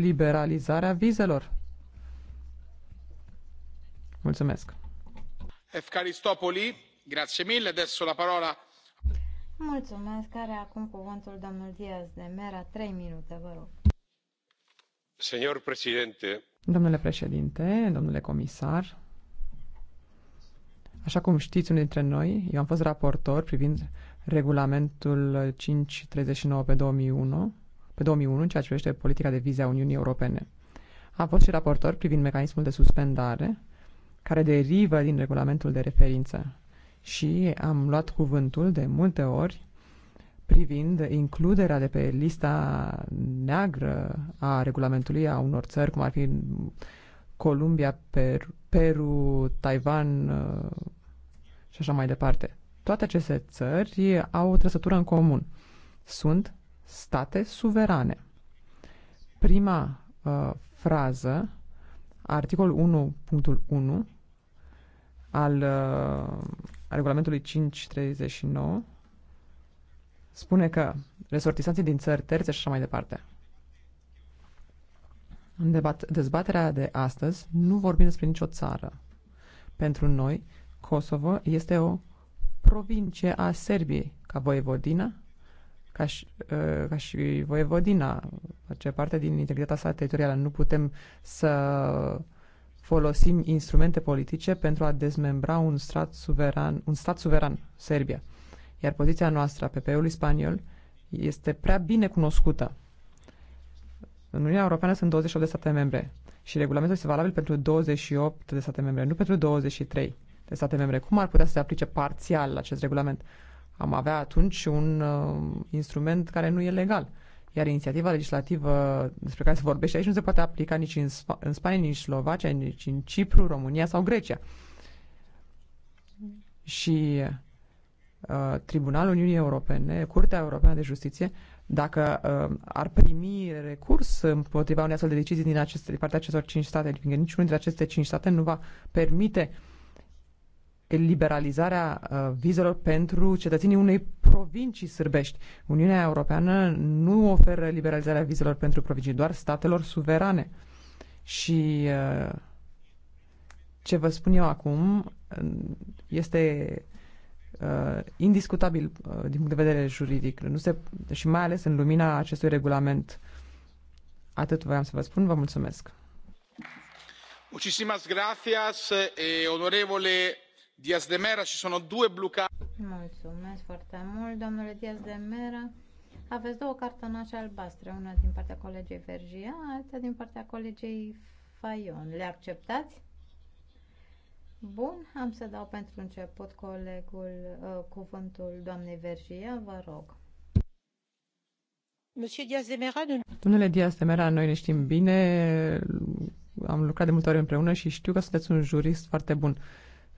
liberalizarea vizelor. Mulțumesc. Efcaristopoli, grazie mille, adesso la parola. Mulțumesc, care acum cuvântul domnul Diaz de Mera, trei minute, vă rog. Señor președinte. Domnule președinte, domnule comisar, Așa cum știți unii dintre noi, eu am fost raportor privind regulamentul 539 pe 2001 pe 2001 în ceea ce privește politica de vize a Uniunii Europene. Am fost și raportor privind mecanismul de suspendare care derivă din regulamentul de referință și am luat cuvântul de multe ori privind includerea de pe lista neagră a regulamentului a unor țări, cum ar fi Columbia, Peru, Peru Taiwan uh, și așa mai departe. Toate aceste țări au o trăsătură în comun. Sunt state suverane. Prima uh, frază, articol 1.1 al uh, regulamentului 539, spune că resortisanții din țări terțe și așa mai departe. În debat, dezbaterea de astăzi nu vorbim despre nicio țară. Pentru noi, Kosovo este o provincie a Serbiei, ca voievodină ca și, uh, ca și Voievodina, face parte din integritatea sa teritorială. Nu putem să folosim instrumente politice pentru a dezmembra un stat suveran, un stat suveran Serbia. Iar poziția noastră a PP-ului spaniol este prea bine cunoscută. În Uniunea Europeană sunt 28 de state membre și regulamentul este valabil pentru 28 de state membre, nu pentru 23 de state membre. Cum ar putea să se aplice parțial acest regulament? am avea atunci un uh, instrument care nu e legal. Iar inițiativa legislativă despre care se vorbește aici nu se poate aplica nici în, Sp- în Spania, nici în Slovacia, nici în Cipru, România sau Grecia. Și uh, Tribunalul Uniunii Europene, Curtea Europeană de Justiție, dacă uh, ar primi recurs împotriva unei astfel de decizii din aceste, de partea acestor cinci state, fiindcă niciunul dintre aceste cinci state nu va permite uh, liberalizarea uh, vizelor pentru cetățenii unei provincii sârbești. Uniunea Europeană nu oferă liberalizarea vizelor pentru provincii, doar statelor suverane. Și uh, ce vă spun eu acum uh, este uh, indiscutabil uh, din punct de vedere juridic. Nu se, și mai ales în lumina acestui regulament. Atât voiam să vă spun. Vă mulțumesc. Muchísimas gracias, eh, onorevole Diaz de Mera și sunt două blu Mulțumesc foarte mult, domnule Diaz de Mera. Aveți două cartonașe albastre, una din partea colegei Vergia, alta din partea colegei Faion. Le acceptați? Bun, am să dau pentru început colegul uh, cuvântul doamnei Vergia, vă rog. Domnule Diaz de Mera, noi ne știm bine, am lucrat de multe ori împreună și știu că sunteți un jurist foarte bun. Uh,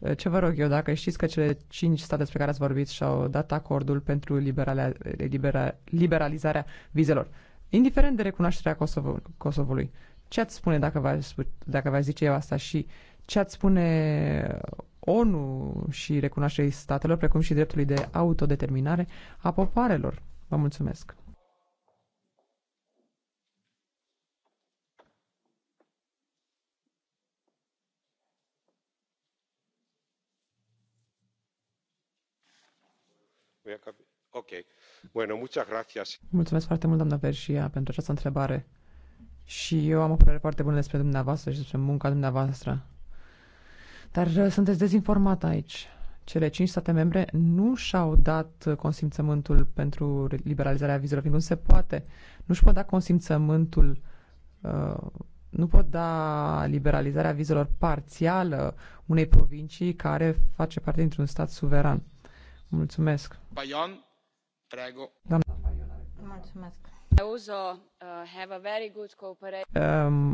Eh, ce vă rog eu, dacă știți că cele cinci state despre care ați vorbit și-au dat acordul pentru libera, liberalizarea vizelor, indiferent de recunoașterea Kosovo, Kosovului, ce ați spune dacă v-ați, dacă v-ați zice eu asta și ce ați spune ONU și recunoașterii statelor, precum și dreptului de autodeterminare a popoarelor? Vă mulțumesc! Mulțumesc foarte mult, doamna Verșia, pentru această întrebare. Și eu am o părere foarte bună despre dumneavoastră și despre munca dumneavoastră. Dar uh, sunteți dezinformat aici. Cele cinci state membre nu și-au dat consimțământul pentru liberalizarea vizelor, fiindcă nu se poate. Nu-și pot da consimțământul, uh, nu pot da liberalizarea vizelor parțială unei provincii care face parte dintr-un stat suveran. Mulțumesc. Paion, prego. Doamna Mulțumesc.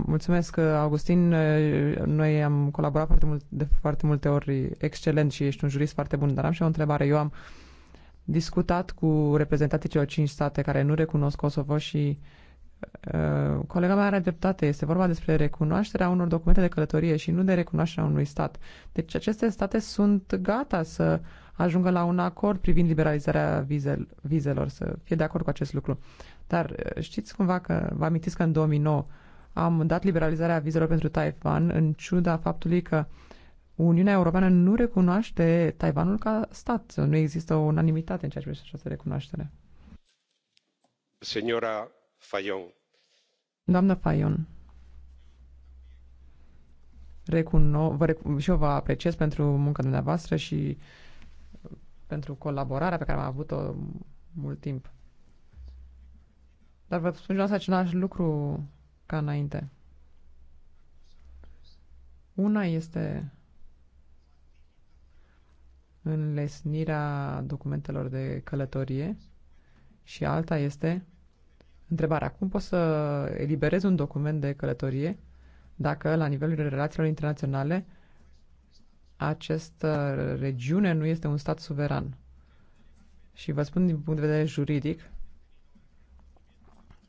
Mulțumesc, Augustin. Noi am colaborat foarte mult, de foarte multe ori excelent și ești un jurist foarte bun, dar am și o întrebare. Eu am discutat cu reprezentanții celor cinci state care nu recunosc Kosovo și uh, colega mea are dreptate. Este vorba despre recunoașterea unor documente de călătorie și nu de recunoașterea unui stat. Deci aceste state sunt gata să uh, ajungă la un acord privind liberalizarea vizel, vizelor, să fie de acord cu acest lucru. Dar eh, știți cumva că, vă amintiți că în 2009 am dat liberalizarea vizelor pentru Taiwan în ciuda faptului că Uniunea Europeană nu recunoaște Taiwanul ca stat. Nu există o unanimitate în ceea ce privește această recunoaștere. Senora Fayon. Doamna Fayon. Recuno- vă recun și eu vă apreciez pentru munca dumneavoastră și uh, pentru colaborarea pe care am avut-o mult timp. Dar vă spun asta același lucru ca înainte. Una este înlesnirea documentelor de călătorie și alta este întrebarea cum poți să eliberezi un document de călătorie dacă la nivelul relațiilor internaționale această regiune nu este un stat suveran. Și vă spun din punct de vedere juridic,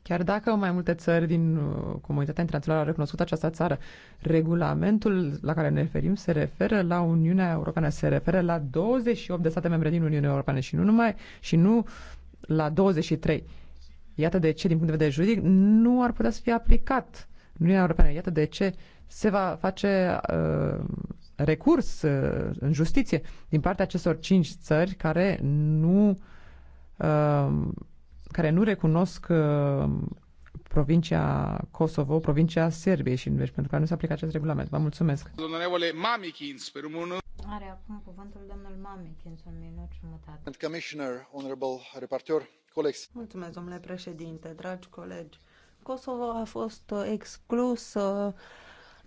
chiar dacă mai multe țări din uh, comunitatea internațională au recunoscut această țară, regulamentul la care ne referim se referă la Uniunea Europeană, se referă la 28 de state membre din Uniunea Europeană și nu numai și nu la 23. Iată de ce, din punct de vedere juridic, nu ar putea să fie aplicat Uniunea Europeană. Iată de ce se va face uh, recurs uh, în justiție din partea acestor cinci țări care nu, uh, care nu recunosc uh, provincia Kosovo, provincia Serbiei și deci, pentru că nu se aplică acest regulament. Vă mulțumesc. Domnule Mamikins, pe un Are acum cuvântul domnul Mamikins, un minut jumătate. Commissioner, honorable reporter, colegi. Mulțumesc, domnule președinte, dragi colegi. Kosovo a fost exclusă uh,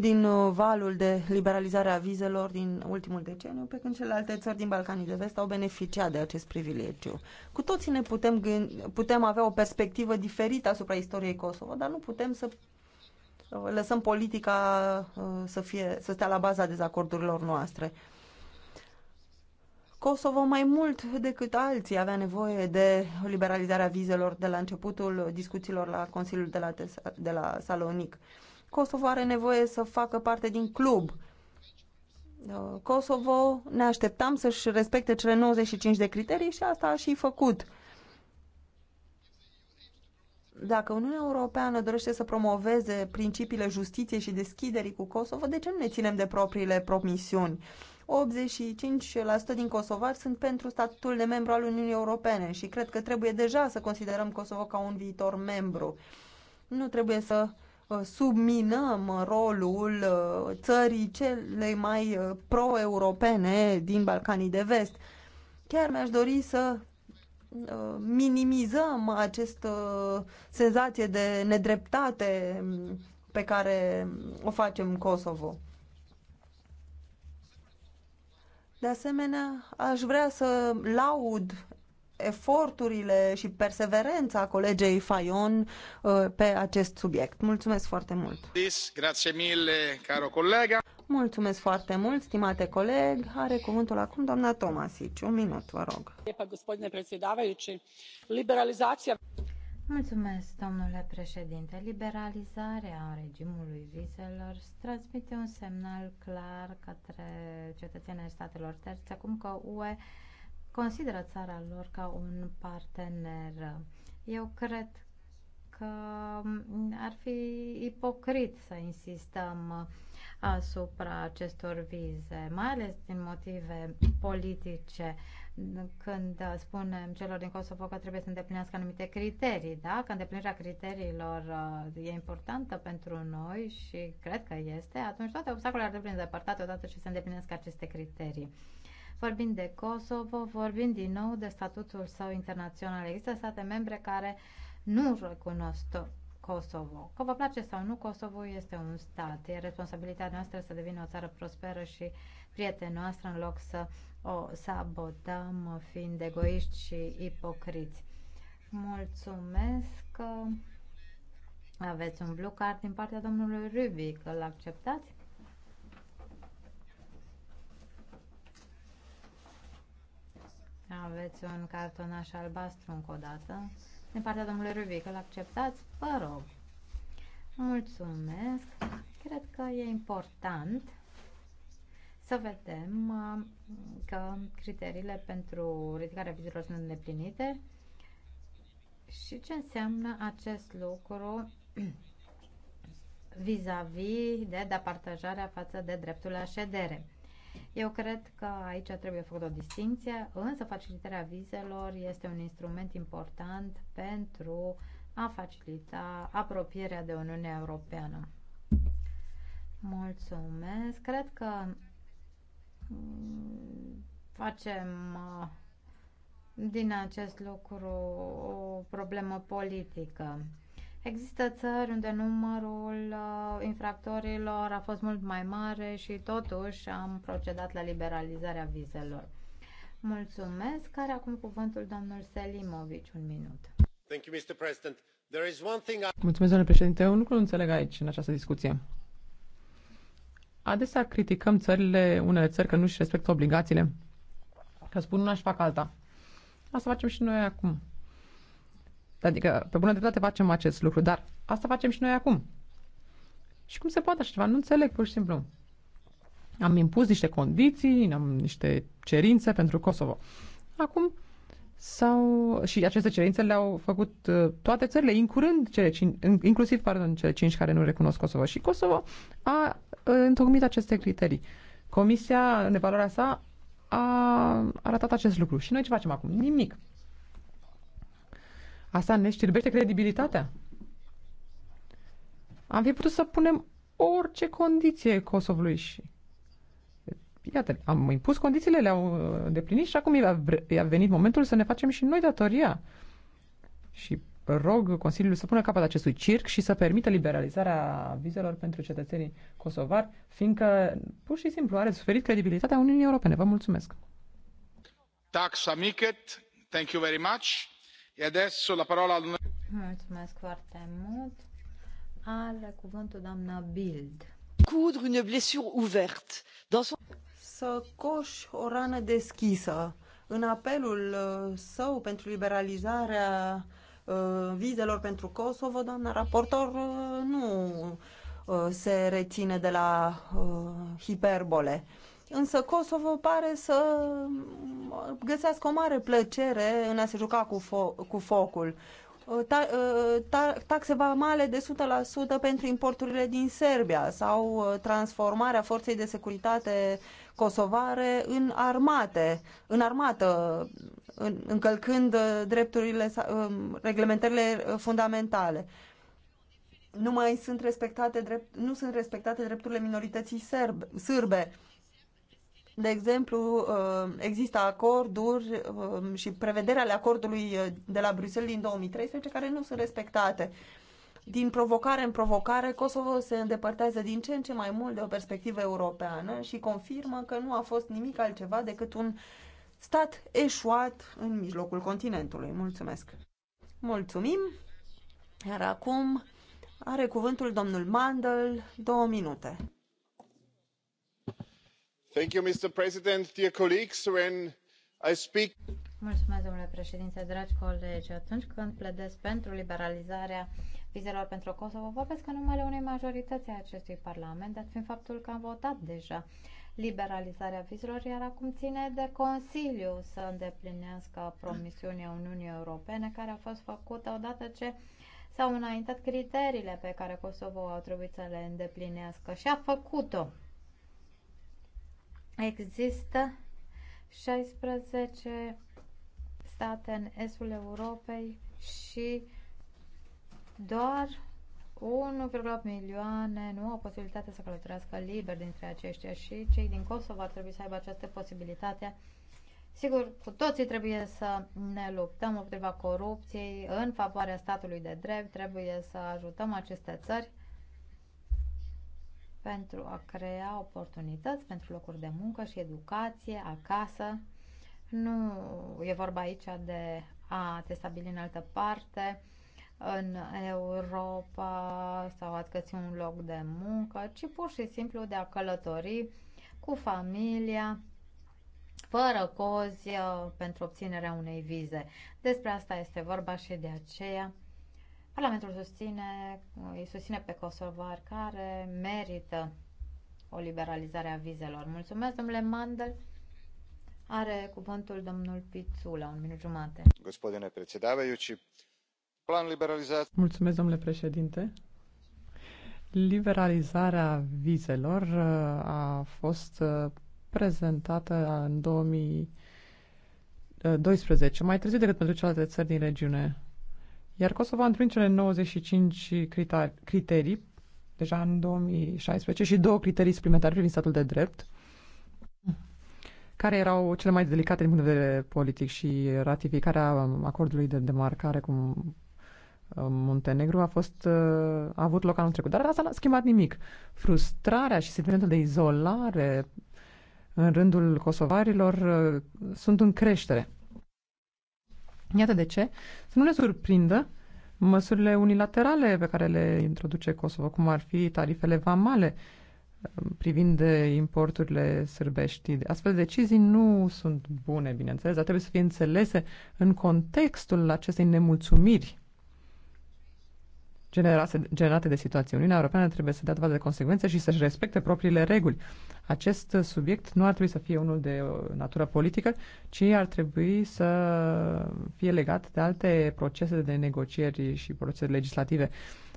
din uh, valul de liberalizare a vizelor din ultimul deceniu, pe când celelalte țări din Balcanii de Vest au beneficiat de acest privilegiu. Cu toții ne putem, gând- putem avea o perspectivă diferită asupra istoriei Kosovo, dar nu putem să uh, lăsăm politica uh, să, fie, să stea la baza dezacordurilor noastre. Kosovo mai mult decât alții avea nevoie de liberalizarea vizelor de la începutul discuțiilor la Consiliul de la, Tes- de la Salonic. Uh, Kosovo are nevoie să facă parte din club. Uh, Kosovo ne așteptam să-și respecte cele 95 de criterii și asta a și făcut. Dacă Uniunea Europeană dorește să promoveze principiile justiției și deschiderii cu Kosovo, de ce nu ne ținem de propriile promisiuni? 85% din kosovari sunt pentru statutul de membru al Uniunii Europene și cred că trebuie deja să considerăm Kosovo ca un viitor membru. Nu trebuie să uh, Uh, subminăm rolul uh, țării cele mai uh, pro-europene din Balcanii de Vest. Chiar mi-aș dori să minimizăm această senzație de nedreptate um, pe care o facem Kosovo. De asemenea, aș vrea să laud eforturile și perseverența colegei Fayon uh, pe acest subiect. Mulțumesc foarte mult! Grazie mille, caro colega! Mulțumesc foarte mult, stimate coleg. Are cuvântul acum doamna Tomasici. Un minut, vă rog. Mulțumesc, domnule președinte. Liberalizarea regimului vizelor transmite un semnal clar către cetățenii statelor terțe, acum că UE consideră țara lor ca un partener. Eu cred că ar fi ipocrit să insistăm asupra acestor vize, mai ales din motive politice, când spunem celor din Kosovo că trebuie să îndeplinească anumite criterii, da? Că îndeplinirea criteriilor uh, e importantă pentru noi și cred că este, atunci toate obstacolele ar trebui îndepărtate odată ce se îndeplinesc aceste criterii. Vorbind de Kosovo, vorbind din nou de statutul său internațional. Există state membre care nu recunosc Kosovo. Că vă place sau nu, Kosovo este un stat. E responsabilitatea noastră să devină o țară prosperă și prietenoastră în loc să o sabotăm fiind egoiști și ipocriți. Mulțumesc că aveți un blue card din partea domnului Rubic. Îl acceptați? Aveți un cartonaș albastru încă o dată. Din partea domnului Rubic, îl acceptați? Vă rog. Mulțumesc. Cred că e important să vedem uh, că criteriile pentru ridicarea vizelor sunt îndeplinite și ce înseamnă acest lucru vis-a-vis -vis de departajarea față de dreptul la ședere. Eu cred că aici trebuie făcut o distinție, însă facilitarea vizelor este un instrument important pentru a facilita apropierea de Uniunea Europeană. Mulțumesc. Cred că mm, facem uh, din acest lucru o problemă politică. Există țări unde numărul uh, infractorilor a fost mult mai mare și totuși am procedat la liberalizarea vizelor. Mulțumesc. Care acum cuvântul domnul Selimovic, un minut. Thank you, Mr. President. There is one thing I... Mulțumesc, domnule președinte. lucru nu înțeleg aici, în această discuție. Adesea criticăm țările, unele țări, că nu își respectă obligațiile, că spun una și fac alta. Asta facem și noi acum. Adică, pe bună dreptate facem acest lucru, dar asta facem și noi acum. Și cum se poate așa ceva? Nu înțeleg, pur și simplu. Am impus niște condiții, am niște cerințe pentru Kosovo. Acum, sau și aceste cerințe le-au făcut uh, toate țările, incurând cele cin- inclusiv pardon, cele cinci care nu recunosc Kosovo. Și Kosovo a uh, întocmit aceste criterii. Comisia, în evaluarea sa, a arătat acest lucru. Și noi ce facem acum? Nimic. Asta ne știrbește credibilitatea. Am fi putut să punem orice condiție Kosovului și iată, am impus condițiile, le-au uh, deplinit și acum i-a venit momentul să ne facem și noi datoria. Și rog Consiliul să pună capăt acestui circ și să permită liberalizarea vizelor pentru cetățenii kosovari, fiindcă pur și simplu are suferit credibilitatea Uniunii Europene. Vă mulțumesc! Taxa Miket, Thank you very much. Mulțumesc foarte mult. Are cuvântul doamna Bild. Coudre une blessure ouverte. Dans son... Să coși o rană deschisă. În apelul uh, său pentru liberalizarea uh, vizelor pentru Kosovo, doamna raportor uh, nu se reține de la hiperbole Însă Kosovo pare să găsească o mare plăcere în a se juca cu, fo- cu focul. Uh, ta, uh, ta, taxe vamale de 100% pentru importurile din Serbia sau uh, transformarea forței de securitate kosovare în armate, în armată, în, încălcând drepturile, um, reglementările fundamentale nu mai sunt respectate drept, nu sunt respectate drepturile minorității serbe. sârbe. De exemplu, uh, există acorduri uh, și prevederea ale acordului uh, de la Bruxelles din 2013 care nu sunt respectate. Din provocare în provocare, Kosovo se îndepărtează din ce în ce mai mult de o perspectivă europeană și confirmă că nu a fost nimic altceva decât un stat eșuat în mijlocul continentului. Mulțumesc! Mulțumim! Iar acum are cuvântul domnul Mandel, două minute domnule președinte dragi colegi atunci când pledez pentru liberalizarea vizelor pentru kosovo vorbesc în numele unei majorități a acestui parlament dat fiind faptul că am votat deja liberalizarea vizelor iar acum ține de consiliu să îndeplinească promisiunea uniunii europene care a fost făcută odată ce s-au înaintat criteriile pe care Kosovo au trebuit să le îndeplinească și a făcut-o. Există 16 state în estul Europei și doar 1,8 milioane nu au posibilitatea să călătorească liber dintre aceștia și cei din Kosovo ar trebui să aibă această posibilitate. Sigur, cu toții trebuie să ne luptăm împotriva corupției, în favoarea statului de drept, trebuie să ajutăm aceste țări pentru a crea oportunități pentru locuri de muncă și educație acasă. Nu e vorba aici de a te stabili în altă parte, în Europa sau a găsi un loc de muncă, ci pur și simplu de a călători cu familia, fără cozi uh, pentru obținerea unei vize. Despre asta este vorba și de aceea Parlamentul susține, îi susține pe Kosovar care merită o liberalizare a vizelor. Mulțumesc, domnule Mandel. Are cuvântul domnul Pițula, un minut jumate. Gospodine prețedavajući, plan liberalizat... Mulțumesc, domnule președinte. Liberalizarea vizelor uh, a fost uh, prezentată în 2012, uh, mai târziu decât pentru celelalte țări din regiune. Iar Kosovo a împlinit cele 95 criterii, deja în 2016, și două criterii suplimentare privind statul de drept, care erau cele mai delicate din punct de vedere politic și ratificarea acordului de demarcare cu uh, Muntenegru a fost uh, a avut loc anul trecut, dar asta n-a schimbat nimic. Frustrarea și sentimentul de izolare în rândul kosovarilor uh, sunt în creștere. Iată de ce să nu ne surprindă măsurile unilaterale pe care le introduce Kosovo, cum ar fi tarifele vamale um, privind de importurile sârbești. Astfel decizii nu sunt bune, bineînțeles, dar trebuie să fie înțelese în contextul acestei nemulțumiri generate, generate de situații. Uniunea Europeană trebuie să dea dovadă de consecvențe și să-și respecte propriile reguli. Acest subiect nu ar trebui să fie unul de uh, natură politică, ci ar trebui să fie legat de alte procese de negocieri și procese legislative.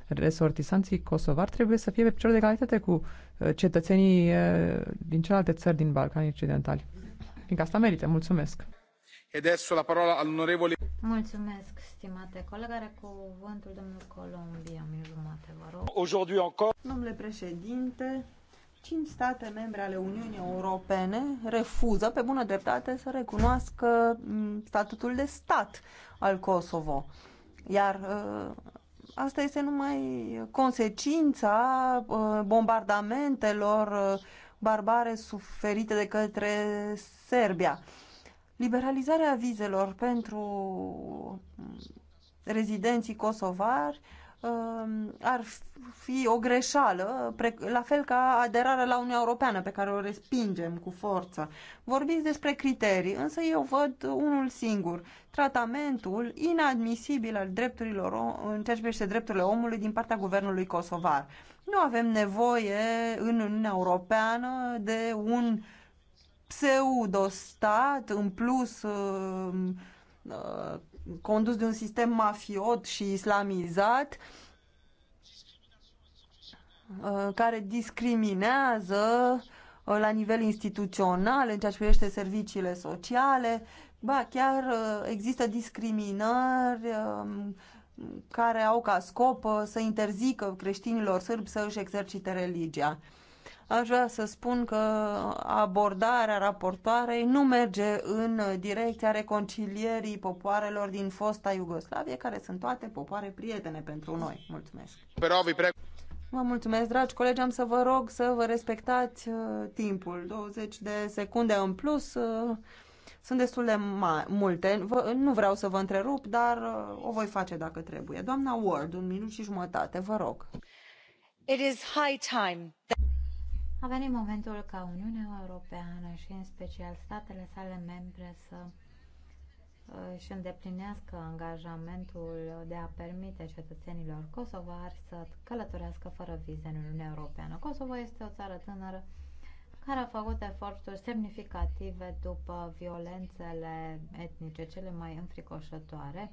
Resortisanții kosovar trebuie să fie pe picior de egalitate cu uh, cetățenii uh, din celelalte țări din Balcanii Occidentali. Fiindcă asta merită. Mulțumesc! la parola Mulțumesc, stimate coleg. Are cuvântul domnul mi minut jumate, vă rog. Aujourd'hui encore. Domnule președinte, cinci state membre ale Uniunii Europene refuză, pe bună dreptate, să recunoască mm, statutul de stat al Kosovo. Iar uh, asta este numai consecința uh, bombardamentelor uh, barbare suferite de către Serbia. Liberalizarea vizelor pentru mm, rezidenții kosovari um, ar fi o greșeală, la fel ca aderarea la Uniunea Europeană, pe care o respingem cu forță. Vorbiți despre criterii, însă eu văd unul singur, tratamentul inadmisibil al drepturilor, în ceea ce privește drepturile omului din partea guvernului kosovar. Nu avem nevoie în Uniunea Europeană de un uh, pseudo-stat, în plus uh, uh, condus de un sistem mafiot și islamizat uh, care discriminează la nivel instituțional în ceea ce privește serviciile sociale. Ba, chiar există discriminări um, care au ca scop să interzică creștinilor sârbi să își exercite religia aș vrea să spun că abordarea raportoarei nu merge în direcția reconcilierii popoarelor din fosta Iugoslavie, care sunt toate popoare prietene pentru noi. Mulțumesc! Vă mulțumesc, dragi colegi, am să vă rog să vă respectați uh, timpul. 20 de secunde în plus uh, sunt destul de multe. V- nu vreau să vă întrerup, dar uh, o voi face dacă trebuie. Doamna Ward, un minut și jumătate, vă rog. It is high time that a venit momentul ca Uniunea Europeană și în special statele sale membre să uh, își îndeplinească angajamentul de a permite cetățenilor kosovari să călătorească fără vize în Uniunea Europeană. Kosovo este o țară tânără care a făcut eforturi semnificative după violențele etnice cele mai înfricoșătoare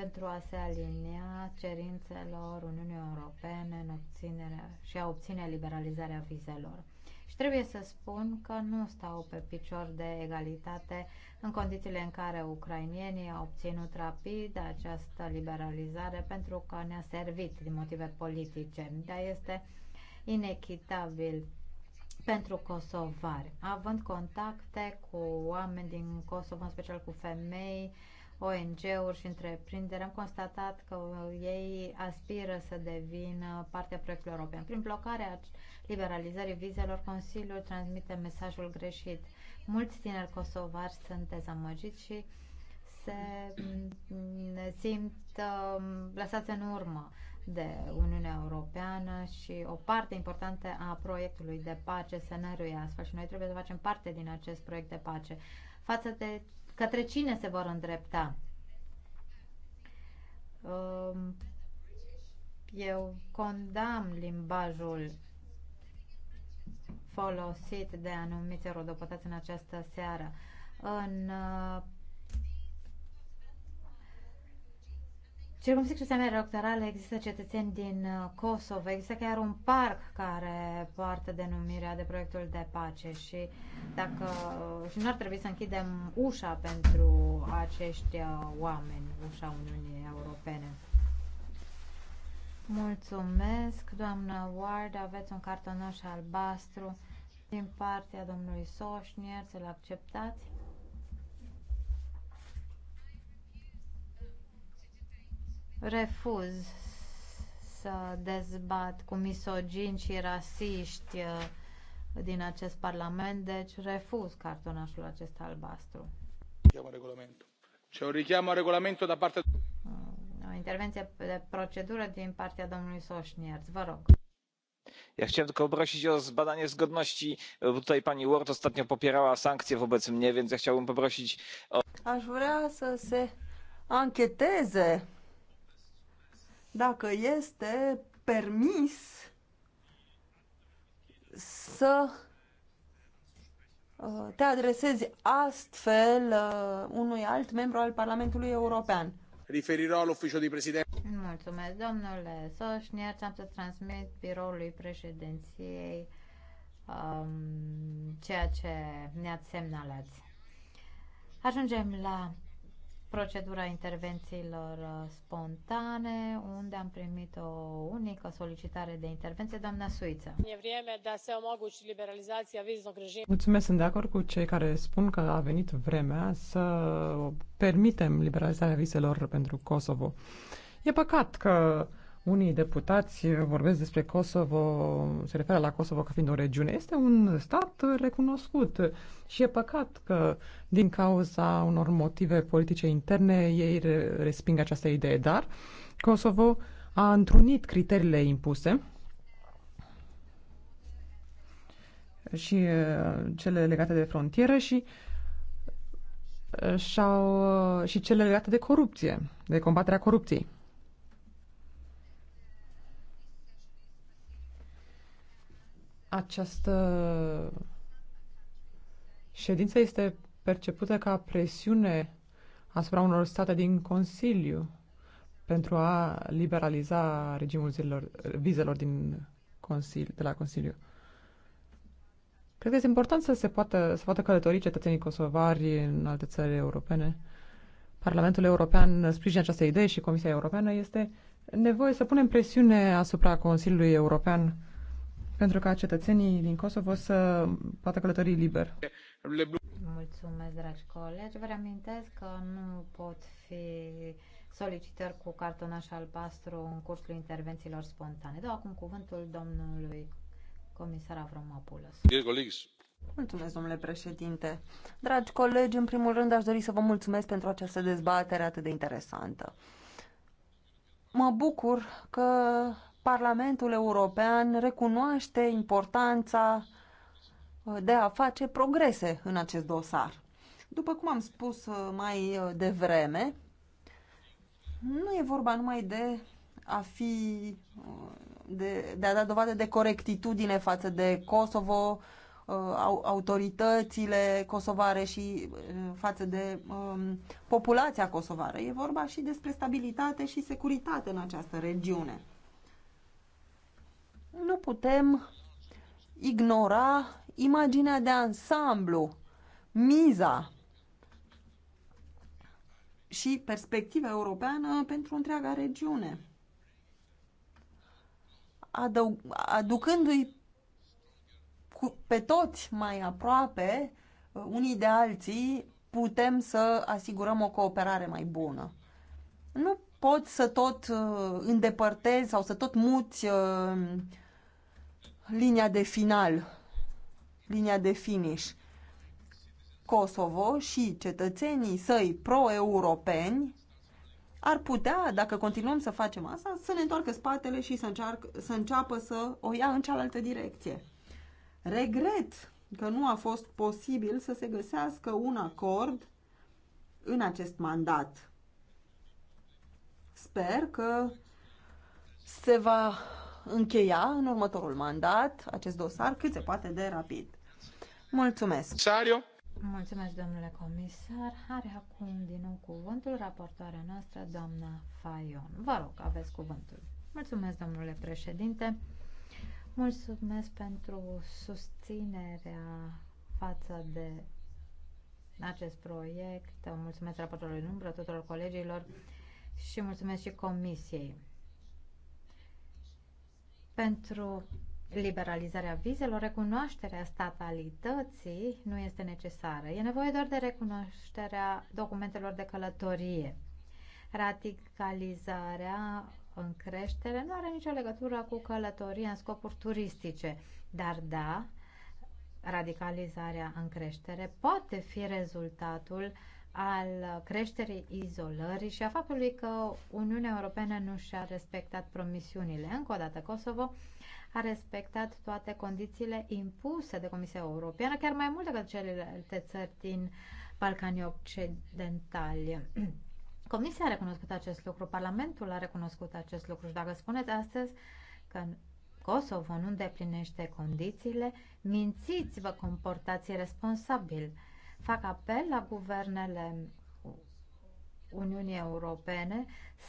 pentru a se alinia cerințelor Uniunii Europene în obținerea și a obține liberalizarea vizelor. Și trebuie să spun că nu stau pe picior de egalitate în condițiile în care ucrainienii au obținut rapid această liberalizare pentru că ne-a servit din motive politice, dar este inechitabil pentru kosovari, având contacte cu oameni din Kosovo, în special cu femei, uh, ONG-uri și întreprinderi, am constatat că ei aspiră să devină partea proiectului european. Prin blocarea liberalizării vizelor, Consiliul transmite mesajul greșit. Mulți tineri kosovari sunt dezamăgiți și se mm, simt um, lăsați în urmă de Uniunea Europeană și o parte importantă a proiectului de pace se năruie astfel și noi trebuie să facem parte din acest proiect de pace. Față de către cine se vor îndrepta. Um, eu condamn limbajul folosit de anumite rodopătați în această seară. În uh, circumscripția mea electorale, există cetățeni din uh, Kosovo, există chiar un parc care poartă denumirea de proiectul de pace și dacă uh, și nu ar trebui să închidem ușa pentru acești uh, oameni, ușa Uniunii Europene. Mulțumesc, doamna Ward, aveți un cartonaș albastru din partea domnului Soșnier, să-l acceptați? refuz să dezbat cu misogini și rasiști uh, din acest parlament, deci refuz cartonașul acesta albastru. Chiamă regulamentul. Ce o richiamă regulamentul da de partea... Mm, o intervenție de procedură din partea domnului Soșnierț. Vă rog. Ja chciałem tylko prosić o zbadanie zgodności. Tutaj pani Ward ostatnio popierała sankcje wobec mnie, więc ja chciałbym poprosić o... Aż wreszcie să se ancheteze dacă este permis să uh, te adresezi astfel uh, unui alt membru al Parlamentului European. al oficiului de președinte. Mulțumesc, domnule Soșnier, am să transmit biroului președinției um, ceea ce ne-ați semnalat. Ajungem la procedura intervențiilor uh, spontane, unde am primit o unică solicitare de intervenție, doamna Suiță. Mulțumesc, sunt de acord cu cei care spun că a venit vremea să permitem liberalizarea vizelor pentru Kosovo. E păcat că unii deputați vorbesc despre Kosovo, se referă la Kosovo ca fiind o regiune. Este un stat recunoscut și e păcat că din cauza unor motive politice interne ei resping această idee, dar Kosovo a întrunit criteriile impuse și cele legate de frontieră și și, și cele legate de corupție, de combaterea corupției. Această ședință este percepută ca presiune asupra unor state din Consiliu pentru a liberaliza regimul zilor, vizelor din consili, de la Consiliu. Cred că este important să se poată, să poată călători cetățenii kosovari în alte țări europene. Parlamentul European sprijină această idee și Comisia Europeană este nevoie să punem presiune asupra Consiliului European pentru ca cetățenii din Kosovo să poată călători liber. Mulțumesc, dragi colegi. Vă reamintesc că nu pot fi solicitări cu cartonaș albastru în cursul intervențiilor spontane. Dau acum cuvântul domnului comisar Avramopoulos. Mulțumesc, domnule președinte. Dragi colegi, în primul rând aș dori să vă mulțumesc pentru această dezbatere atât de interesantă. Mă bucur că Parlamentul European recunoaște importanța uh, de a face progrese în acest dosar. După cum am spus uh, mai uh, devreme, nu e vorba numai de a fi de, de a da dovadă de corectitudine față de Kosovo, autoritățile kosovare și față de um, populația kosovară. E vorba și despre stabilitate și securitate în această regiune nu putem ignora imaginea de ansamblu, miza și perspectiva europeană pentru întreaga regiune. Adăug, aducându-i pe toți mai aproape uh, unii de alții, putem să asigurăm o cooperare mai bună. Nu poți să tot uh, îndepărtezi sau să tot muți uh, linia de final, linia de finish. Kosovo și cetățenii săi pro-europeni ar putea, dacă continuăm să facem asta, să ne întoarcă spatele și să, încearcă, să înceapă să o ia în cealaltă direcție. Regret că nu a fost posibil să se găsească un acord în acest mandat. Sper că se va încheia în următorul mandat acest dosar cât se poate de rapid. Mulțumesc! Sario. Mulțumesc, domnule comisar. Are acum din nou cuvântul raportoarea noastră, doamna Fayon. Vă rog, aveți cuvântul. Mulțumesc, domnule președinte. Mulțumesc pentru susținerea față de acest proiect. Mulțumesc raportorului umbră, tuturor colegilor și mulțumesc și comisiei pentru liberalizarea vizelor, recunoașterea statalității nu este necesară. E nevoie doar de recunoașterea documentelor de călătorie. Radicalizarea în creștere nu are nicio legătură cu călătoria în scopuri turistice, dar da, radicalizarea în creștere poate fi rezultatul uh, al creșterii izolării și a faptului că Uniunea Europeană nu și-a respectat promisiunile. Încă o dată, Kosovo a respectat toate condițiile impuse de Comisia Europeană, chiar mai mult decât celelalte țări din Balcanii Occidentali. Comisia a recunoscut acest lucru, Parlamentul a recunoscut acest lucru și dacă spuneți astăzi că Kosovo nu îndeplinește condițiile, mințiți, vă comportați responsabil. Fac apel la guvernele Uniunii Europene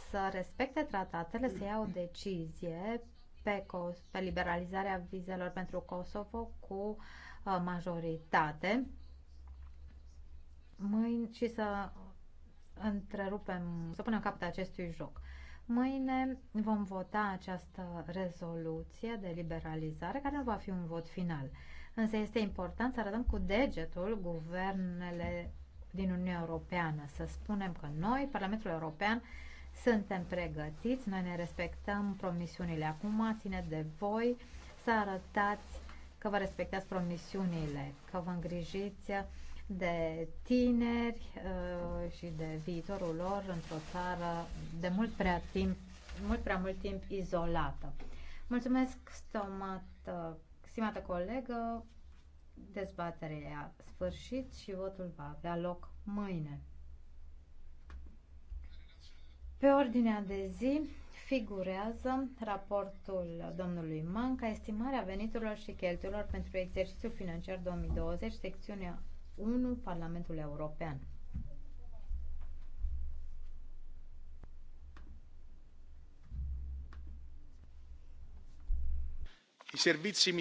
să respecte tratatele, să ia o decizie pe, pe liberalizarea vizelor pentru Kosovo cu uh, majoritate mâine și să întrerupem, să punem capăt acestui joc. Mâine vom vota această rezoluție de liberalizare, care nu va fi un vot final. Însă este important să arătăm cu degetul guvernele din Uniunea Europeană, să spunem că noi, Parlamentul European, suntem pregătiți, noi ne respectăm promisiunile acum, ține de voi să arătați că vă respectați promisiunile, că vă îngrijiți de tineri uh, și de viitorul lor într-o țară de mult prea timp, mult prea mult timp izolată. Mulțumesc, stomat uh, Stimată colegă, dezbaterea a sfârșit și votul va avea loc mâine. Pe ordinea de zi figurează raportul domnului Manca, estimarea veniturilor și cheltuielor pentru exercițiul financiar 2020, secțiunea 1, Parlamentul European. Serviciile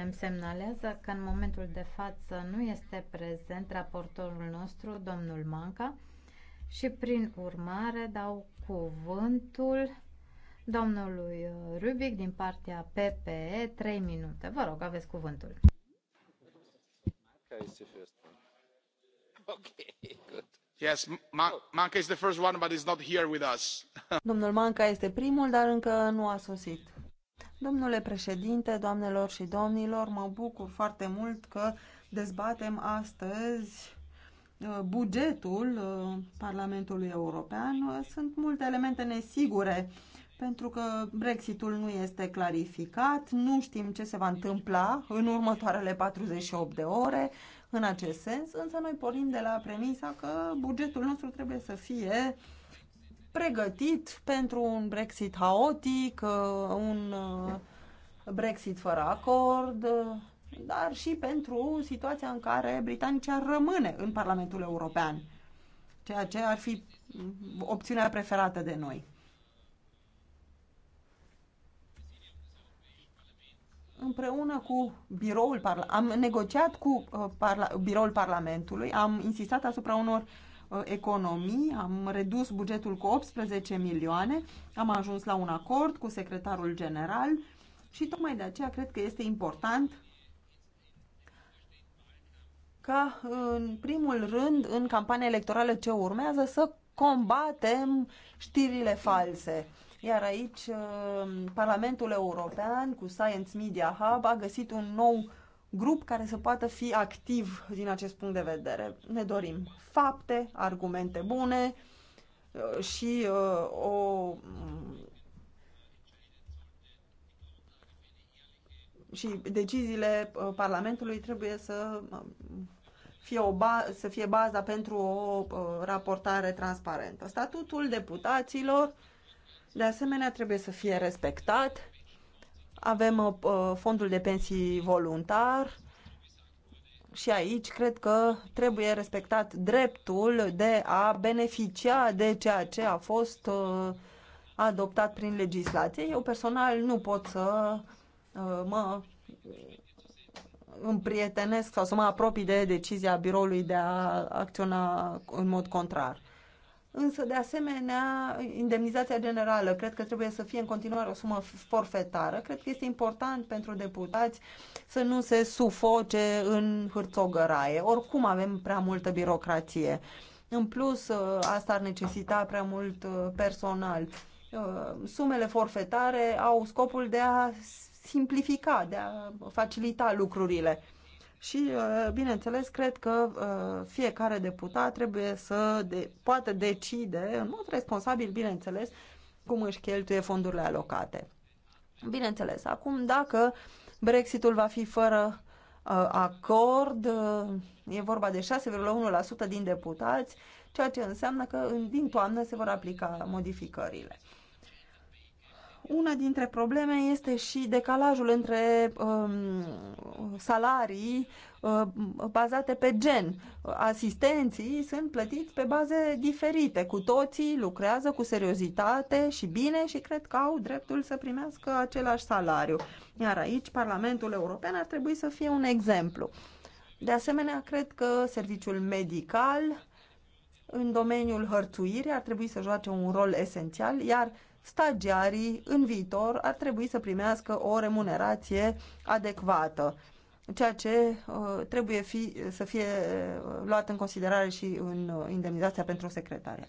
îmi semnalează că în momentul de față nu este prezent raportorul nostru, domnul Manca, și prin urmare dau cuvântul domnului Rubic din partea PPE, 3 minute. Vă rog, aveți cuvântul. Domnul Manca este primul, dar încă nu a sosit. Domnule președinte, doamnelor și domnilor, mă bucur foarte mult că dezbatem astăzi uh, bugetul uh, Parlamentului European. Uh, sunt multe elemente nesigure pentru că Brexitul nu este clarificat, nu știm ce se va întâmpla în următoarele 48 de ore în acest sens, însă noi pornim de la premisa că bugetul nostru trebuie să fie uh, pregătit pentru un Brexit haotic, uh, un uh, Brexit fără acord, uh, dar și pentru situația în care Britanica rămâne în Parlamentul European, ceea ce ar fi opțiunea preferată de noi. împreună cu biroul parla- am negociat cu uh, parla- biroul Parlamentului, am insistat asupra unor Uh, economii, am redus bugetul cu 18 milioane, am ajuns la un acord cu secretarul general și tocmai de aceea cred că este important ca în primul rând în campania electorală ce urmează să combatem știrile false. Iar aici uh, Parlamentul European cu Science Media Hub a găsit un nou grup care să poată fi activ din acest punct de vedere. Ne dorim fapte, argumente bune uh, și uh, o mm, și deciziile uh, Parlamentului trebuie să uh, fie, o ba, să fie baza pentru o raportare transparentă. Statutul deputaților, de asemenea, trebuie să fie respectat avem uh, uh, fondul de pensii voluntar și aici cred că trebuie respectat dreptul de a beneficia de ceea ce a fost uh, adoptat prin legislație. Eu personal nu pot să mă împrietenesc sau să mă apropii de decizia biroului de a acționa în mod contrar. Însă, de asemenea, indemnizația generală cred că trebuie să fie în continuare o sumă forfetară. Cred că este important pentru deputați să nu se sufoce în hârțogăraie. Oricum avem prea multă birocrație. În plus, ă, asta ar necesita prea mult ă, personal. Ă, sumele forfetare au scopul de a simplifica, de a facilita lucrurile și, uh, bineînțeles, cred că uh, fiecare deputat trebuie să de, poată decide, în mod responsabil, bineînțeles, cum își cheltuie fondurile alocate. Bineînțeles, acum, dacă Brexitul va fi fără uh, acord, e vorba de 6,1% din deputați, ceea ce înseamnă că din toamnă se vor aplica modificările. Una dintre probleme este și decalajul între um, salarii uh, bazate pe gen. Asistenții sunt plătiți pe baze diferite. Cu toții lucrează cu seriozitate și bine și cred că au dreptul să primească același salariu. Iar aici Parlamentul European ar trebui să fie un exemplu. De asemenea, cred că serviciul medical în domeniul hărțuirii ar trebui să joace un rol esențial, iar stagiarii în viitor ar trebui să primească o remunerație adecvată, ceea ce uh, trebuie fi, să fie uh, luat în considerare și în uh, indemnizația pentru secretariat.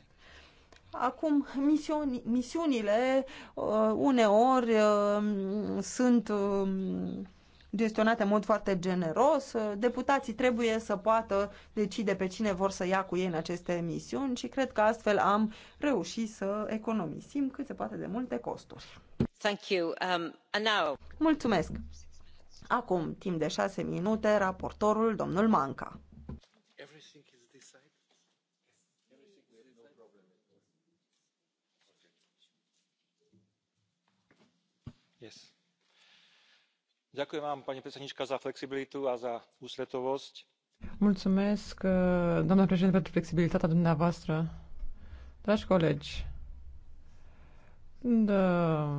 Acum, misiuni, misiunile uh, uneori uh, sunt uh, gestionate în mod foarte generos. Deputații trebuie să poată decide pe cine vor să ia cu ei în aceste emisiuni. și cred că astfel am reușit să economisim cât se poate de multe costuri. Thank you. Um, and now... Mulțumesc. Acum, timp de șase minute, raportorul, domnul Manca. Yes doamnă președintă mulțumesc uh, doamnă președintă pentru flexibilitatea dumneavoastră. dragi colegi când uh,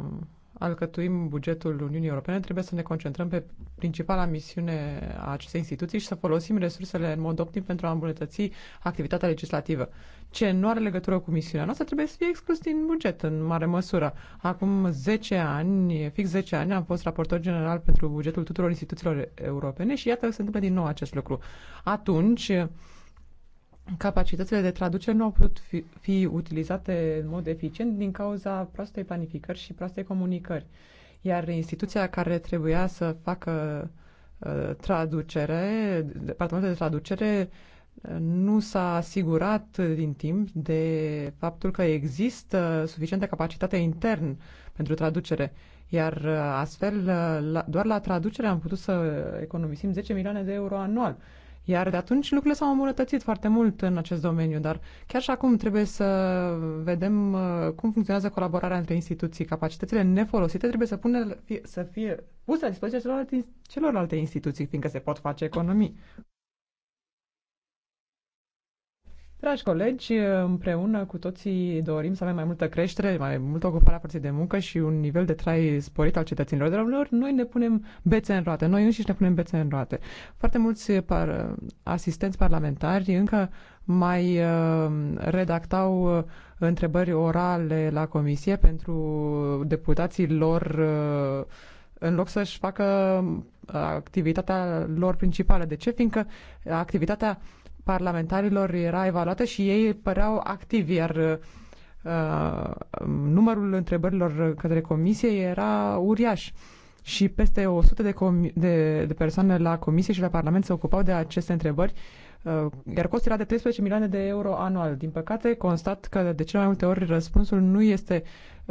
alcătuim bugetul Uniunii Europene, trebuie să ne concentrăm pe principala misiune a acestei instituții și să folosim resursele în mod optim pentru a îmbunătăți activitatea legislativă. Ce nu are legătură cu misiunea noastră trebuie să fie exclus din buget în mare măsură. Acum 10 ani, fix 10 ani, am fost raportor general pentru bugetul tuturor instituțiilor europene și iată se întâmplă din nou acest lucru. Atunci, capacitățile de traducere nu au putut fi, fi utilizate în mod eficient din cauza proastei planificări și proastei comunicări. Iar instituția care trebuia să facă uh, traducere, departamentul de traducere, nu s-a asigurat din timp de faptul că există suficientă capacitate intern pentru traducere. Iar uh, astfel, uh, la, doar la traducere am putut să economisim 10 milioane de euro anual. Uh, iar de atunci lucrurile s-au îmbunătățit foarte mult în acest domeniu, dar chiar și acum trebuie să vedem uh, cum funcționează colaborarea între instituții. Capacitățile nefolosite trebuie să, pune, să fie puse la dispoziția celorlalte, celorlalte instituții, fiindcă se pot face economii. Dragi colegi, împreună cu toții dorim să avem mai multă creștere, mai multă ocupare a forței de muncă și un nivel de trai sporit al cetățenilor. Dar uneori noi ne punem bețe în roate, noi înșiși ne punem bețe în roate. Foarte mulți par, asistenți parlamentari încă mai uh, redactau uh, întrebări orale la comisie pentru deputații lor uh, în loc să-și facă activitatea lor principală. De ce? Fiindcă activitatea uh, parlamentarilor era evaluată și ei păreau activi, iar uh, numărul întrebărilor către comisie era uriaș. Și peste 100 de, de, de persoane la comisie și la parlament se ocupau de aceste întrebări Uh, iar costul era de 13 milioane de euro anual. Din păcate, constat că de cele mai multe ori răspunsul nu este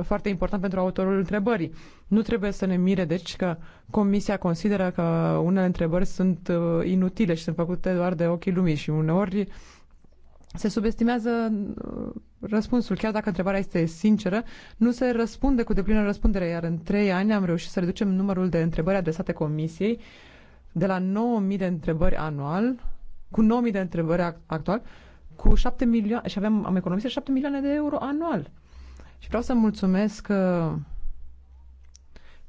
foarte important pentru autorul întrebării. Nu trebuie să ne mire, deci, că comisia consideră că unele întrebări sunt uh, inutile și sunt făcute doar de ochii lumii și uneori se subestimează uh, răspunsul. Chiar dacă întrebarea este sinceră, nu se răspunde cu deplină răspundere, iar în trei ani am reușit să reducem numărul de întrebări adresate comisiei de la 9.000 de întrebări anual cu 9.000 de întrebări actual, cu 7 milioane, și avem, am economisit 7 milioane de euro anual. Și vreau să mulțumesc că uh,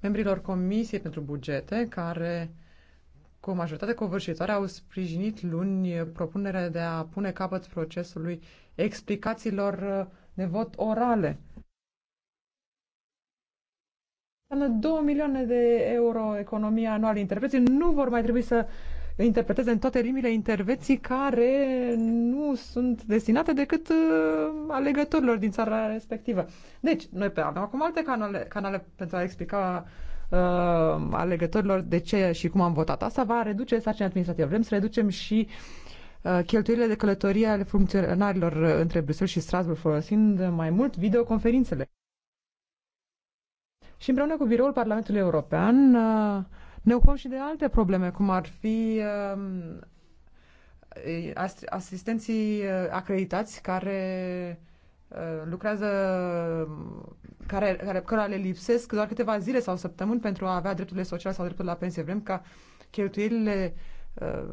membrilor Comisiei pentru Bugete, care cu o majoritate covârșitoare au sprijinit luni propunerea de a pune capăt procesului explicațiilor uh, de vot orale. Înseamnă 2 milioane de euro economia anuală. Interpreții nu vor mai trebui să uh, interpreteze în toate limbile intervenții care nu sunt destinate decât uh, alegătorilor din țara respectivă. Deci, noi pe avem acum alte canale, canale pentru a explica uh, alegătorilor de ce și cum am votat. Asta va reduce sarcina administrativă. Vrem să reducem și uh, cheltuielile de călătorie ale funcționarilor uh, între Bruxelles și Strasbourg, folosind mai mult videoconferințele. Și împreună cu biroul Parlamentului European, uh, ne ocupăm și de alte probleme, cum ar fi um, asistenții uh, acreditați care uh, lucrează, care, care, care le lipsesc doar câteva zile sau săptămâni pentru a avea drepturile sociale sau dreptul la pensie. Vrem ca cheltuielile uh,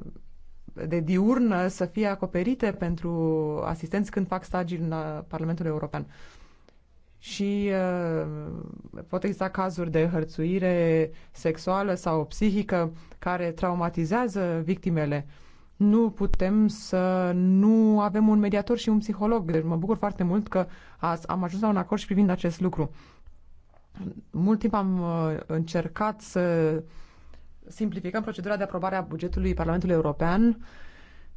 de diurnă să fie acoperite pentru asistenți când fac stagii în Parlamentul European și uh, pot exista cazuri de hărțuire sexuală sau psihică care traumatizează victimele. Nu putem să nu avem un mediator și un psiholog. Deci mă bucur foarte mult că azi am ajuns la un acord și privind acest lucru. Mult timp am uh, încercat să simplificăm procedura de aprobare a bugetului Parlamentului European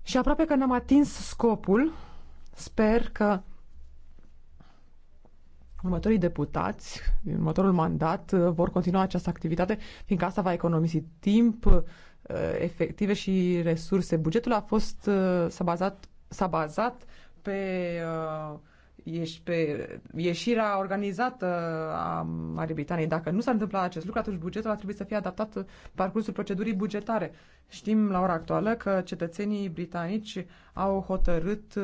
și aproape că ne-am atins scopul. Sper că următorii deputați, în următorul mandat, uh, vor continua această activitate, fiindcă asta va economisi timp, uh, efective și resurse. Bugetul a fost, uh, s-a bazat, s-a bazat pe uh, ieși pe ieșirea organizată a Marii Britaniei. Dacă nu s-ar întâmpla acest lucru, atunci bugetul ar trebui să fie adaptat parcursul procedurii bugetare. Știm la ora actuală că cetățenii britanici au hotărât, uh,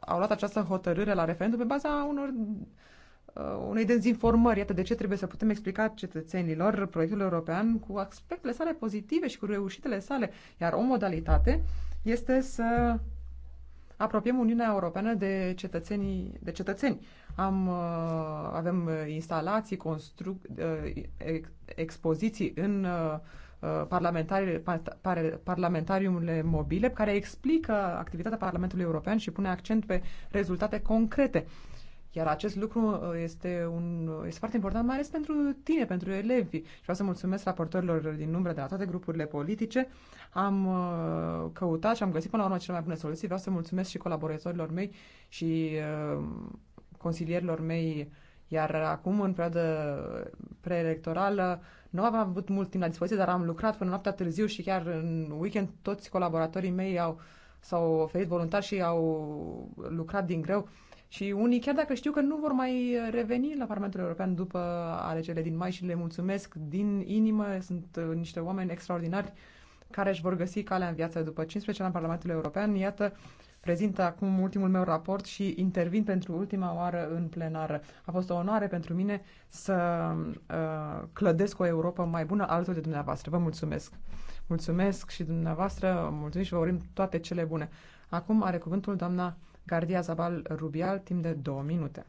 au luat această hotărâre la referendum pe baza unor uh, unei dezinformări. Iată de ce trebuie să putem explica cetățenilor proiectul european cu aspectele sale pozitive și cu reușitele sale. Iar o modalitate este să apropiem Uniunea Europeană de, cetățenii, de cetățeni. Am, uh, avem uh, instalații, construc, uh, expoziții în parlamentari, par, parlamentariumurile mobile care explică activitatea Parlamentului European și pune accent pe rezultate concrete. Iar acest lucru uh, este, un, uh, este foarte important, mai ales pentru tine, pentru elevi. Și vreau să mulțumesc raportorilor din umbră de la toate grupurile politice. Am uh, căutat și am găsit până la urmă cele mai bune soluții. Vreau să mulțumesc și colaboratorilor mei și consilierilor mei. Iar acum, în perioadă preelectorală, nu am avut mult timp la dispoziție, dar am lucrat până noaptea târziu și chiar în weekend toți colaboratorii mei au, s-au oferit voluntari și au lucrat din greu și unii, chiar dacă știu că nu vor mai reveni la Parlamentul European după alegerile din mai și le mulțumesc din inimă, sunt uh, niște oameni extraordinari care își vor găsi calea în viață după 15 ani în Parlamentul European. Iată, prezint acum ultimul meu raport și intervin pentru ultima oară în plenară. A fost o onoare pentru mine să uh, clădesc o Europa mai bună alături de dumneavoastră. Vă mulțumesc! Mulțumesc și dumneavoastră, mulțumim și vă urim toate cele bune. Acum are cuvântul doamna Cardia Zabal Rubial timp de două minute.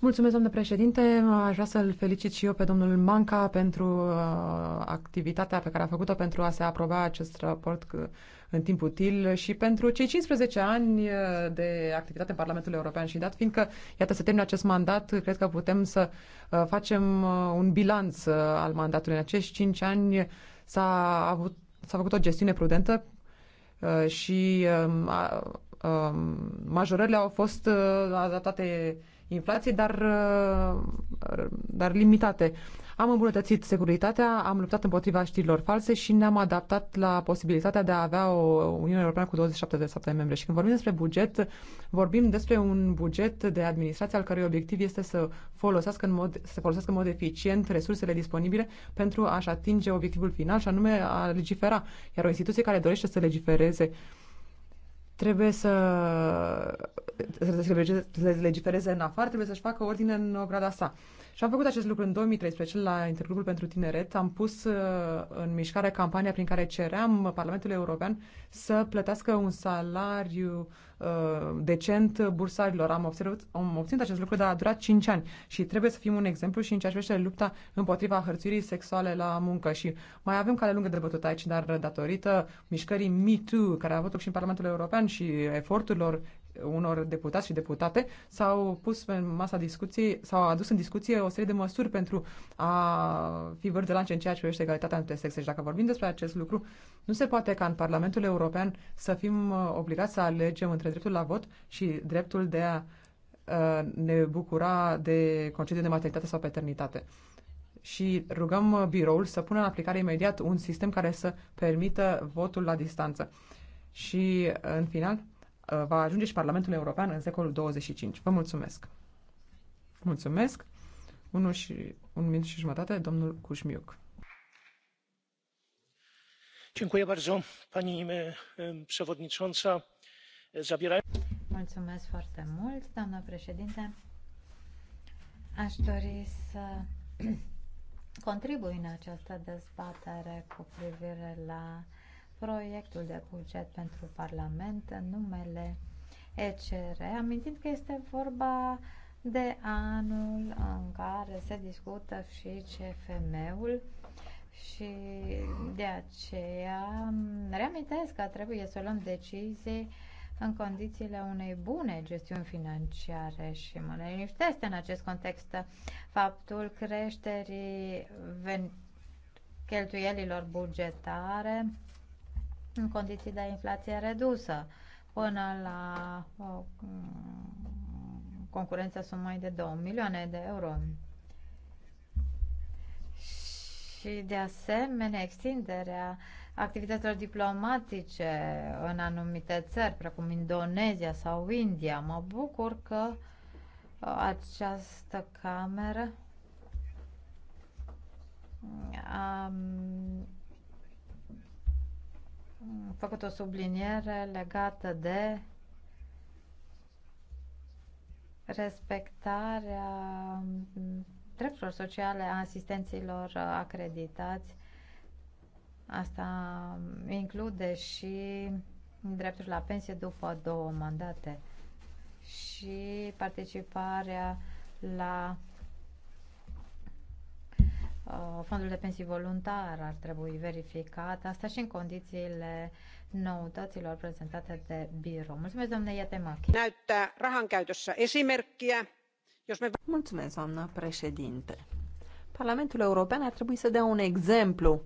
Mulțumesc, domnule președinte. Aș vrea să-l felicit și eu pe domnul Manca pentru uh, activitatea pe care a făcut-o pentru a se aproba acest raport în timp util și pentru cei 15 ani uh, de activitate în Parlamentul European și dat, fiindcă, iată, se termină acest mandat, cred că putem să uh, facem uh, un bilanț al mandatului. În acești 5 ani s-a avut s-a făcut o gestiune prudentă uh, și um, um, majorările au fost uh, adaptate inflației, dar, uh, dar limitate. Am îmbunătățit securitatea, am luptat împotriva știrilor false și ne-am adaptat la posibilitatea de a avea o Uniune Europeană cu 27 de state membre. Și când vorbim despre buget, vorbim despre un buget de administrație al cărui obiectiv este să folosească în mod, să folosească în mod eficient resursele disponibile pentru a-și atinge obiectivul final și anume a legifera. Iar o instituție care dorește să legifereze uh, trebuie să, să legifereze în afară, trebuie să-și facă ordine în ograda sa. Și am făcut acest lucru în 2013 la Intergrupul pentru Tineret. Am pus uh, în mișcare campania prin care ceream Parlamentul European să plătească un salariu uh, decent bursarilor. Am, observat, am obținut acest lucru, dar a durat 5 ani și trebuie să fim un exemplu și în ceea ce privește lupta împotriva hărțuirii sexuale la muncă. Și mai avem cale lungă de bătut aici, dar datorită mișcării #MeToo care a avut loc și în Parlamentul European și eforturilor unor deputați și deputate s-au pus pe masa discuției, s-au adus în discuție o serie de măsuri pentru a fi vârf de lance în ceea ce privește egalitatea între sexe. Și dacă vorbim despre acest lucru, nu se poate ca în Parlamentul European să fim uh, obligați să alegem între dreptul la vot și dreptul de a uh, ne bucura de concediu de maternitate sau paternitate și rugăm uh, biroul să pună în aplicare imediat un sistem care să permită votul la distanță. Și, în final, Uh, va ajunge și Parlamentul European în secolul 25. Vă mulțumesc! Mulțumesc! Unu și, un minut și jumătate, domnul Cușmiuc. Dziękuję bardzo, pani przewodnicząca. Mulțumesc foarte mult, doamnă președinte. Aș dori să contribui în această dezbatere cu privire la proiectul de buget pentru Parlament în numele ECR, amintind că este vorba de anul în care se discută și CFM-ul și de aceea reamintesc că trebuie să luăm decizii în condițiile unei bune gestiuni financiare și mă liniștește în acest context faptul creșterii ven- cheltuielilor bugetare în condiții de inflație redusă, până la o concurență sumai de 2 milioane de euro. Și de asemenea extinderea activităților diplomatice în anumite țări, precum Indonezia sau India. Mă bucur că uh, această cameră a um, făcut o subliniere legată de respectarea drepturilor sociale a asistenților acreditați. Asta include și dreptul la pensie după două mandate și participarea la Uh, fondul de pensii voluntar ar trebui verificat, asta și în condițiile noutăților prezentate de birou. Mulțumesc, domnule Iatemachi. Näyttää rahan käytössä esimerkkiä. Jos me... Mulțumesc, doamnă președinte. Parlamentul European ar trebui să dea un exemplu.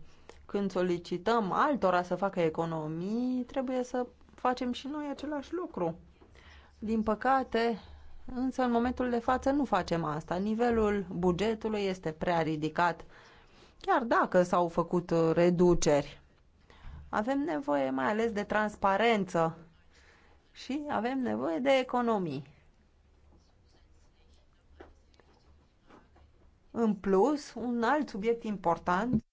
Când solicităm altora să facă economii, trebuie să facem și noi același lucru. Din păcate, Însă, în momentul de față, nu facem asta. Nivelul bugetului este prea ridicat, chiar dacă s-au făcut uh, reduceri. Avem nevoie mai ales de transparență și avem nevoie de economii. În plus, un alt subiect important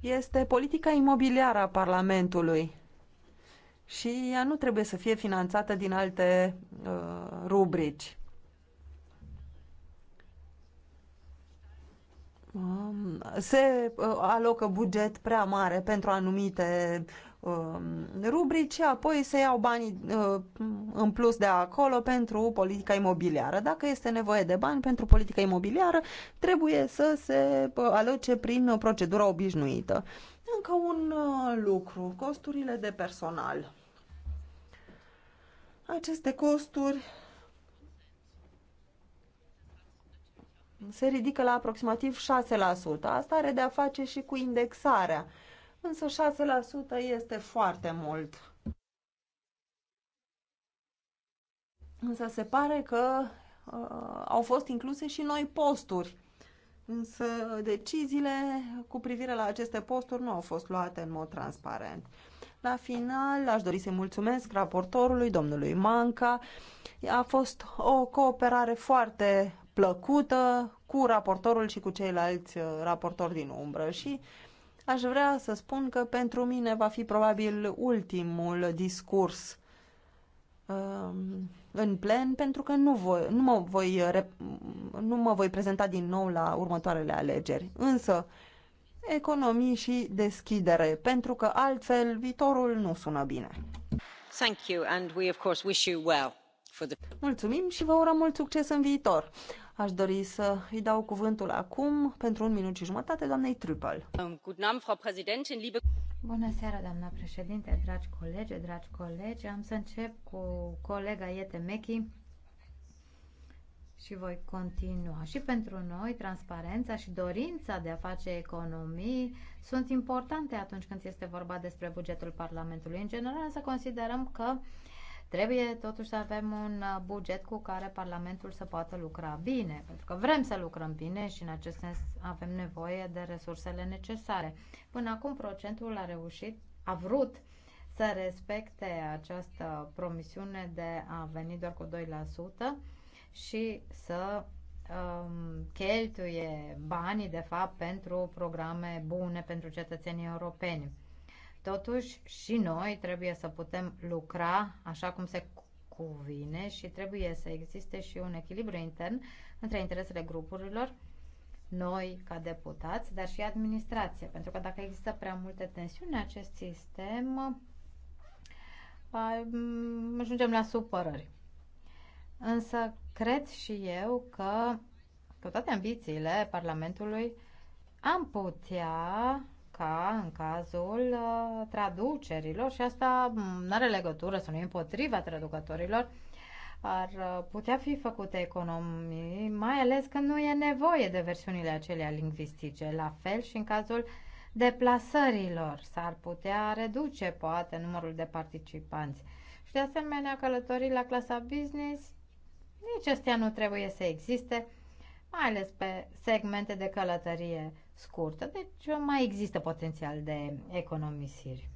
este politica imobiliară a Parlamentului și ea nu trebuie să fie finanțată din alte uh, rubrici. Um, se uh, alocă buget prea mare pentru anumite um, rubrici apoi se iau banii uh, în plus de acolo pentru politica imobiliară. Dacă este nevoie de bani pentru politica imobiliară, trebuie să se uh, aloce prin procedura obișnuită. Încă un lucru, costurile de personal. Aceste costuri se ridică la aproximativ 6%. Asta are de a face și cu indexarea. Însă 6% este foarte mult. Însă se pare că uh, au fost incluse și noi posturi. Însă deciziile cu privire la aceste posturi nu au fost luate în mod transparent. La final, aș dori să-i mulțumesc raportorului, domnului Manca. A fost o cooperare foarte plăcută cu raportorul și cu ceilalți uh, raportori din umbră și aș vrea să spun că pentru mine va fi probabil ultimul discurs um, în plen pentru că nu, voi, nu, mă voi, nu mă voi prezenta din nou la următoarele alegeri. Însă economii și deschidere, pentru că altfel viitorul nu sună bine. Thank you and we of course wish you well for the... Mulțumim și vă urăm mult succes în viitor. Aș dori să îi dau cuvântul acum pentru un minut și jumătate doamnei Trüppel. Um, Bună seara, doamna președinte, dragi colegi, dragi colegi. Am să încep cu colega Iete Mechi și voi continua. Și pentru noi, transparența și dorința de a face economii sunt importante atunci când este vorba despre bugetul Parlamentului. În general, să considerăm că trebuie totuși să avem un buget cu care Parlamentul să poată lucra bine, pentru că vrem să lucrăm bine și în acest sens avem nevoie de resursele necesare. Până acum, procentul a reușit, a vrut să respecte această promisiune de a veni doar cu 2%, și să um, cheltuie banii, de fapt, pentru programe bune pentru cetățenii europeni. Totuși, și noi trebuie să putem lucra așa cum se cuvine și trebuie să existe și un echilibru intern între interesele grupurilor, noi ca deputați, dar și administrație. Pentru că dacă există prea multe tensiuni în acest sistem, ajungem la supărări. Însă Cred și eu că, cu toate ambițiile Parlamentului, am putea ca în cazul uh, traducerilor, și asta nu are legătură să nu împotriva traducătorilor, ar uh, putea fi făcute economii, mai ales că nu e nevoie de versiunile acelea lingvistice. La fel și în cazul deplasărilor s-ar putea reduce poate numărul de participanți. Și de asemenea călătorii la clasa business nici astea nu trebuie să existe, mai ales pe segmente de călătorie scurtă. Deci mai există potențial de economisiri.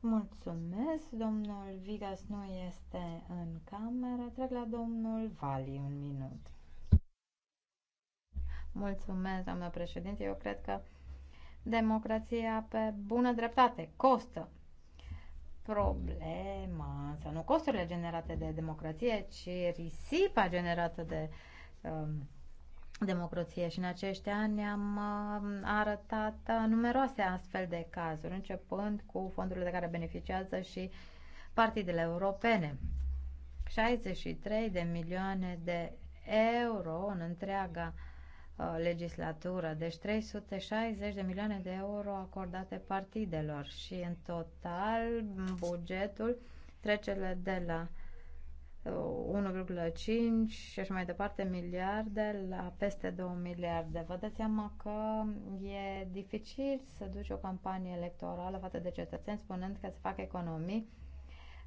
Mulțumesc, domnul Vigas nu este în cameră. Trec la domnul Vali un minut. Mulțumesc, doamnă președinte. Eu cred că democrația pe bună dreptate costă. Problema însă nu costurile generate de democrație, ci risipa generată de um, democrație și în acești ani am um, arătat uh, numeroase astfel de cazuri, începând cu fondurile de care beneficiază și partidele europene. 63 de milioane de euro în întreaga Uh, legislatură, deci 360 de milioane de euro acordate partidelor și în total bugetul trecele de la 1,5 uh, și așa mai departe miliarde la peste 2 miliarde. Vă dați seama că e dificil să duci o campanie electorală față de cetățeni spunând că se fac economii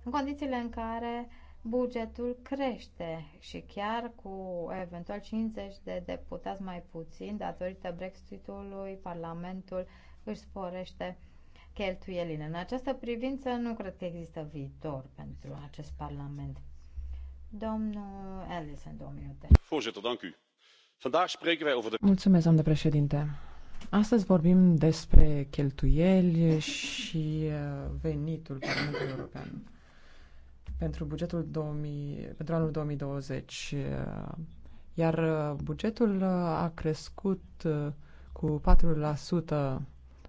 în condițiile în care uh, bugetul crește și chiar cu eventual 50 de deputați mai puțin, datorită Brexitului, Parlamentul își sporește cheltuielile. În această privință nu cred că există viitor pentru acest Parlament. Domnul Ellison, două minute. Voorzitter, dank u. Vandaag spreken wij over de... Mulțumesc, doamnă președinte. Astăzi vorbim despre cheltuieli și uh, venitul Parlamentului European pentru bugetul 2000, pentru anul 2020, iar uh, bugetul uh, a crescut uh, cu 4%,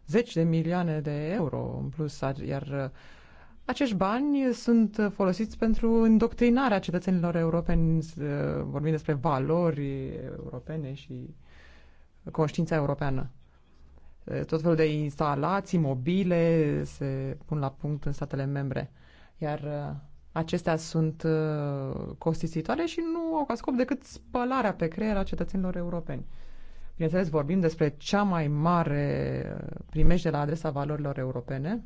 10 de milioane de euro în plus, iar acești bani sunt folosiți pentru îndoctrinarea cetățenilor europeni, vorbim despre valori europene și conștiința europeană. Tot felul de instalații mobile se pun la punct în statele membre. Iar acestea sunt uh, costisitoare și nu au ca scop decât spălarea pe creier a cetățenilor europeni. Bineînțeles, vorbim despre cea mai mare uh, primejde la adresa valorilor europene.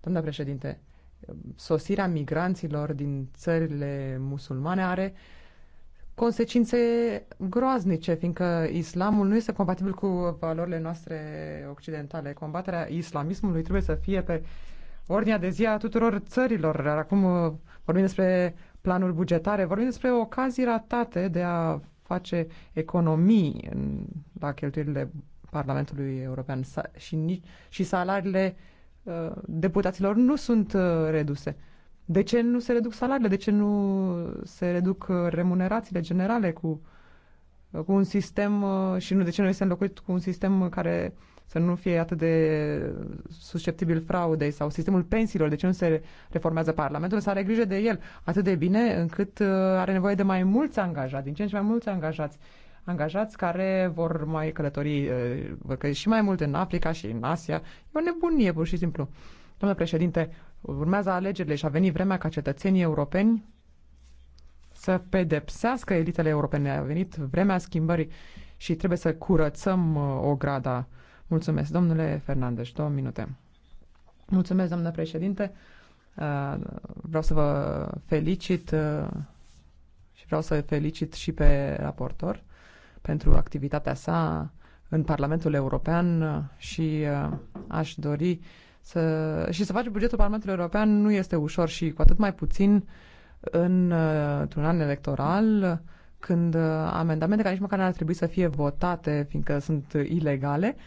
Domnule președinte, sosirea migranților din țările musulmane are consecințe groaznice, fiindcă islamul nu este compatibil cu valorile noastre occidentale. Combaterea islamismului trebuie să fie pe uh, ordinea de zi a tuturor țărilor. Acum uh, vorbim despre planuri bugetare, vorbim despre ocazii ratate de a face economii în, la cheltuielile Parlamentului European Sa și, nici, și salariile uh, deputaților nu sunt uh, reduse. De ce nu se reduc salariile? De ce nu se reduc uh, remunerațiile generale cu, uh, cu un sistem uh, și nu de ce nu este înlocuit cu un sistem care uh, să nu fie atât de susceptibil fraudei sau sistemul pensiilor, de ce nu se reformează Parlamentul, să are grijă de el atât de bine încât uh, are nevoie de mai mulți angajați, din ce în ce mai mulți angajați angajați care vor mai călători uh, vor călători și mai mult în Africa și în Asia. E o nebunie, pur și simplu. Domnule președinte, urmează alegerile și a venit vremea ca cetățenii europeni să pedepsească elitele europene. A venit vremea schimbării și trebuie să curățăm uh, ograda Mulțumesc, domnule Fernandez, două minute. Mulțumesc, domnule președinte. Uh, vreau să vă felicit uh, și vreau să felicit și pe raportor pentru activitatea sa în Parlamentul European și uh, aș dori să... și să faci bugetul Parlamentului European nu este ușor și cu atât mai puțin într-un an electoral când amendamente care nici măcar n-ar trebui să fie votate, fiindcă sunt ilegale, uh,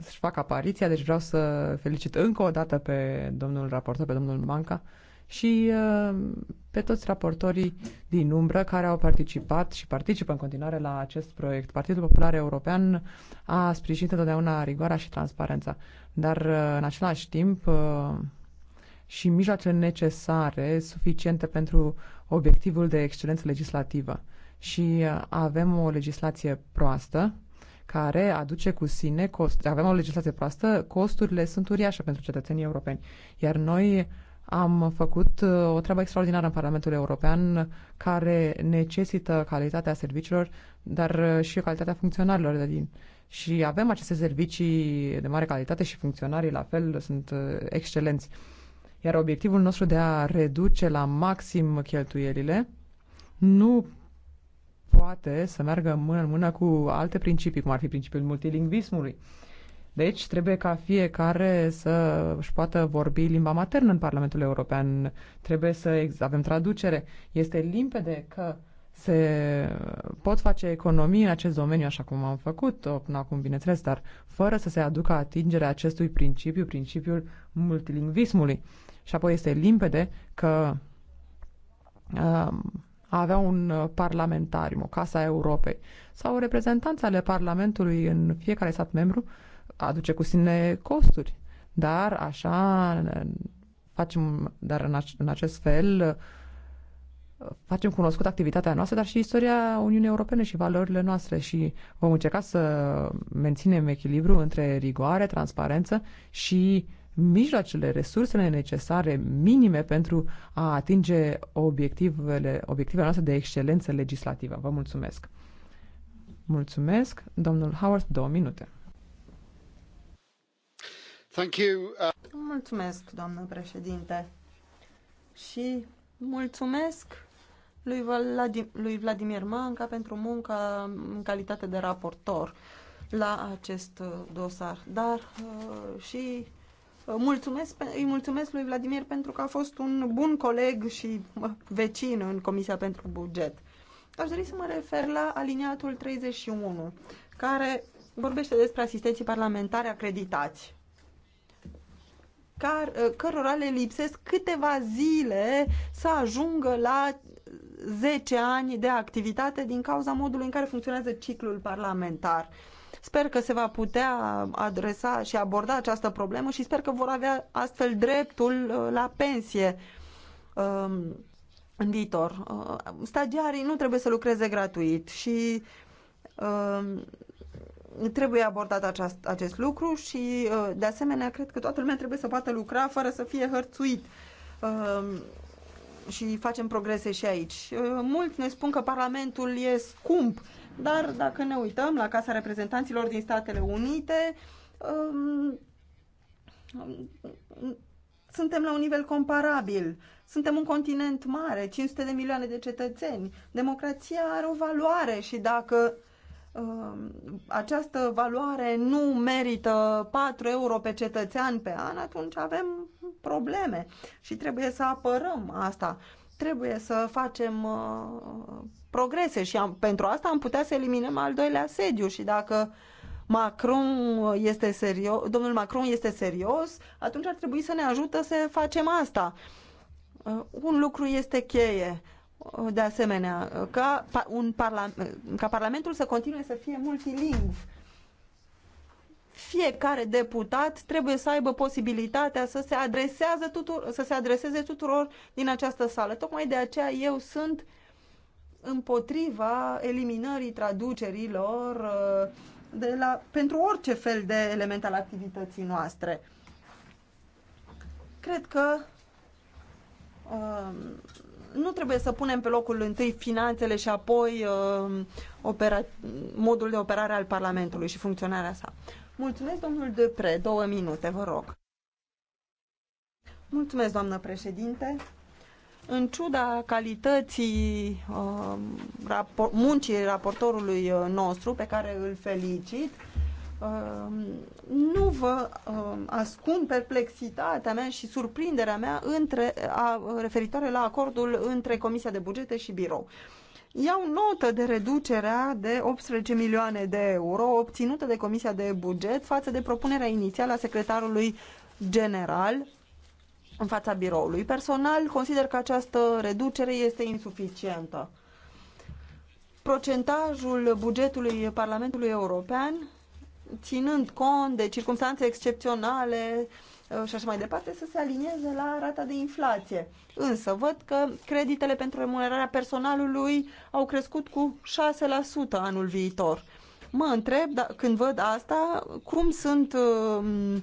să-și uh, facă apariția, deci vreau să felicit încă o dată pe domnul raportor, pe domnul Manca și uh, pe toți raportorii din umbră care au participat și participă în continuare la acest proiect. Partidul Popular European a sprijinit întotdeauna rigoarea și transparența, dar uh, în același timp și mijloacele necesare, suficiente pentru obiectivul de excelență legislativă. Și avem o legislație proastă, care aduce cu sine cost. Avem o legislație proastă, costurile sunt uriașe pentru cetățenii europeni. Iar noi am făcut uh, o treabă extraordinară în Parlamentul European care necesită calitatea serviciilor, dar uh, și calitatea funcționarilor de din. Și avem aceste servicii de mare calitate și funcționarii la fel sunt uh, excelenți. Iar obiectivul nostru de a reduce la maxim cheltuielile nu poate să meargă mână în mână cu alte principii, cum ar fi principiul multilingvismului. Deci trebuie ca fiecare să își poată vorbi limba maternă în Parlamentul European. Trebuie să avem traducere. Este limpede că se pot face economii în acest domeniu, așa cum am făcut-o până acum, bineînțeles, dar fără să se aducă atingerea acestui principiu, principiul multilingvismului. Și apoi este limpede că um, a avea un uh, parlamentar, o Casa Europei, sau reprezentanți ale Parlamentului în fiecare stat membru, aduce cu sine costuri. Dar așa facem, dar în, ac- în acest fel uh, facem cunoscut activitatea noastră, dar și istoria Uniunii Europene și valorile noastre și vom încerca să menținem echilibru între rigoare, transparență și uh, mijloacele, resursele necesare, minime, pentru a atinge obiectivele, obiectivele noastre de excelență legislativă. Vă mulțumesc! Mulțumesc, domnul Howard, două minute. Thank you. Uh... Mulțumesc, domnul președinte. Și mulțumesc lui, Vladim lui Vladimir Manca pentru munca în calitate de raportor la acest dosar, dar uh, și Mulțumesc, îi mulțumesc lui Vladimir pentru că a fost un bun coleg și vecin în Comisia pentru Buget. Aș dori să mă refer la aliniatul 31, care vorbește despre asistenții parlamentari acreditați, car, ă, cărora le lipsesc câteva zile să ajungă la 10 ani de activitate din cauza modului în care funcționează ciclul parlamentar. Sper că se va putea adresa și aborda această problemă și sper că vor avea astfel dreptul uh, la pensie um, în viitor. Uh, stagiarii nu trebuie să lucreze gratuit și um, trebuie abordat aceast, acest lucru și uh, de asemenea cred că toată lumea trebuie să poată lucra fără să fie hărțuit um, și facem progrese și aici. Mulți ne spun că Parlamentul e scump dar dacă ne uităm la Casa Reprezentanților din Statele Unite, um, suntem la un nivel comparabil. Suntem un continent mare, 500 de milioane de cetățeni. Democrația are o valoare și dacă um, această valoare nu merită 4 euro pe cetățean pe an, atunci avem probleme și trebuie să apărăm asta trebuie să facem uh, progrese și am, pentru asta am putea să eliminăm al doilea sediu și dacă Macron este serios, domnul Macron este serios, atunci ar trebui să ne ajută să facem asta. Uh, un lucru este cheie, uh, de asemenea, ca, un parla, ca Parlamentul să continue să fie multilingv fiecare deputat trebuie să aibă posibilitatea să se, adresează tutur, să se adreseze tuturor din această sală. Tocmai de aceea eu sunt împotriva eliminării traducerilor uh, de la, pentru orice fel de element al activității noastre. Cred că um, nu trebuie să punem pe locul întâi finanțele și apoi uh, opera, modul de operare al Parlamentului și funcționarea sa. Mulțumesc, domnul Depre. Două minute, vă rog. Mulțumesc, doamnă președinte. În ciuda calității uh, rapor muncii raportorului uh, nostru, pe care îl felicit, uh, nu vă uh, ascund perplexitatea mea și surprinderea mea între, a, referitoare la acordul între Comisia de Bugete și Birou. Uh, Iau notă de reducerea de 18 milioane de euro obținută de Comisia de Buget față de propunerea inițială a secretarului general în fața biroului. Personal, consider că această reducere este insuficientă. Procentajul bugetului Parlamentului European, ținând cont de circunstanțe excepționale, uh, Uh, și așa mai departe, să se alinieze la rata de inflație. Însă văd că creditele pentru remunerarea personalului au crescut cu 6% anul viitor. Mă întreb, da, când văd asta, cum sunt um,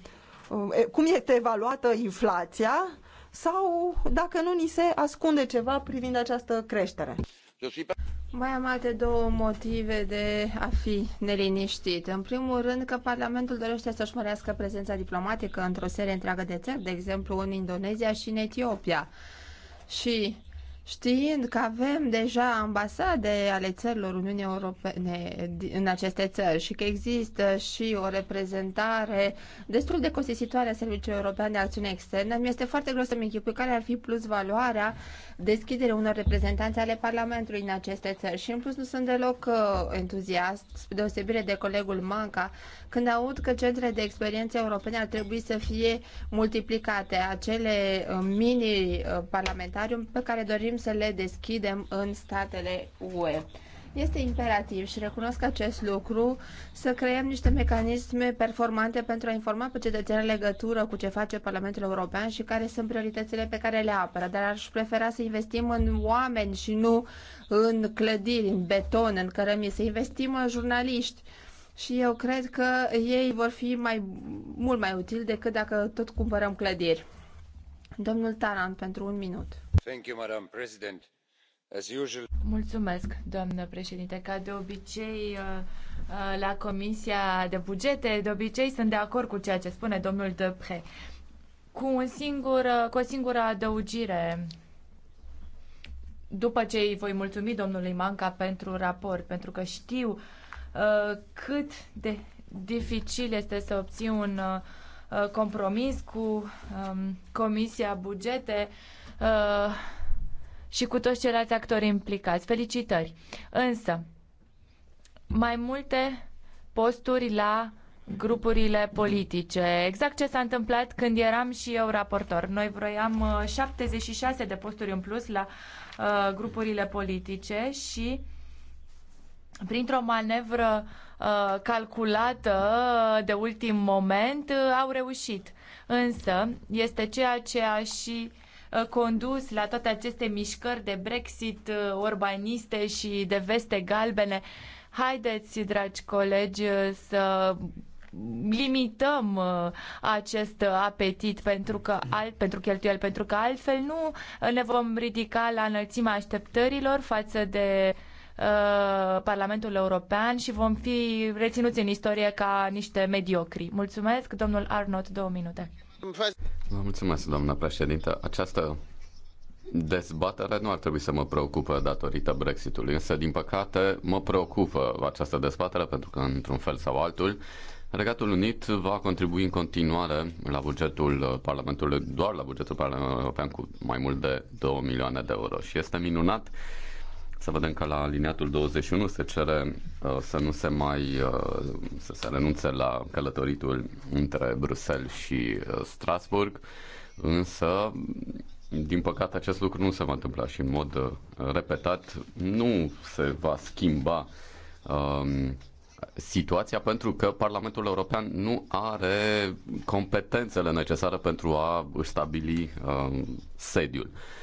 uh, cum este evaluată inflația sau dacă nu ni se ascunde ceva privind această creștere. Mai am alte două motive de a fi neliniștit. În primul rând că Parlamentul dorește să-și mărească prezența diplomatică într-o serie întreagă de țări, de exemplu în Indonezia și în Etiopia. Și știind că avem deja ambasade ale țărilor Uniunii Europene în aceste țări și că există și o reprezentare destul de costisitoare a Serviciului European de Acțiune Externă, mi este foarte greu să-mi închipui care ar fi plus valoarea deschiderii unor reprezentanți ale Parlamentului în aceste țări. Și în plus nu sunt deloc uh, entuziast, deosebire de colegul Manca, când aud că centrele de experiență europene ar trebui să fie multiplicate, acele uh, mini-parlamentarium uh, pe care dorim să le deschidem în statele UE. Este imperativ și recunosc acest lucru să creăm niște mecanisme performante pentru a informa pe cetățeni în legătură cu ce face Parlamentul European și care sunt prioritățile pe care le apără, dar aș prefera să investim în oameni și nu în clădiri, în beton, în cărămii, să investim în jurnaliști. Și eu cred că ei vor fi mai, mult mai utili decât dacă tot cumpărăm clădiri. Domnul Taran, pentru un minut. Mulțumesc, doamnă președinte. Ca de obicei, uh, uh, la Comisia de Bugete, de obicei sunt de acord cu ceea ce spune domnul Depre. Cu, un singur, uh, cu o singură adăugire după ce îi voi mulțumi domnului Manca pentru raport, pentru că știu uh, cât de dificil este să obții un uh, Uh, compromis cu um, Comisia Bugete uh, și cu toți ceilalți actori implicați. Felicitări! Însă, mai multe posturi la grupurile politice. Exact ce s-a întâmplat când eram și eu raportor. Noi vroiam 76 uh, de posturi în plus la grupurile politice și printr-o manevră uh, Uh, calculată de ultim moment, uh, au reușit. Însă este ceea ce a și uh, condus la toate aceste mișcări de Brexit urbaniste și de veste galbene. Haideți, dragi colegi, să limităm acest apetit pentru că alt, pentru cheltuieli, pentru că altfel nu ne vom ridica la înălțimea așteptărilor față de uh, Uh, Parlamentul European și vom fi reținuți în istorie ca niște mediocri. Mulțumesc, domnul Arnott, două minute. Vă mulțumesc, doamna președintă. Această dezbatere nu ar trebui să mă preocupă datorită Brexitului, însă, din păcate, mă preocupă această dezbatere pentru că, într-un fel sau altul, Regatul Unit va contribui în continuare la bugetul Parlamentului, doar la bugetul Parlamentului European cu mai mult de 2 milioane de euro și este minunat să vedem că la aliniatul 21 se cere uh, să nu se mai uh, să se renunțe la călătoritul între Bruxelles și uh, Strasburg, însă din păcate acest lucru nu se va întâmpla și în mod uh, repetat nu se va schimba uh, situația pentru că Parlamentul European nu are competențele necesare pentru a stabili uh, sediul. Uh,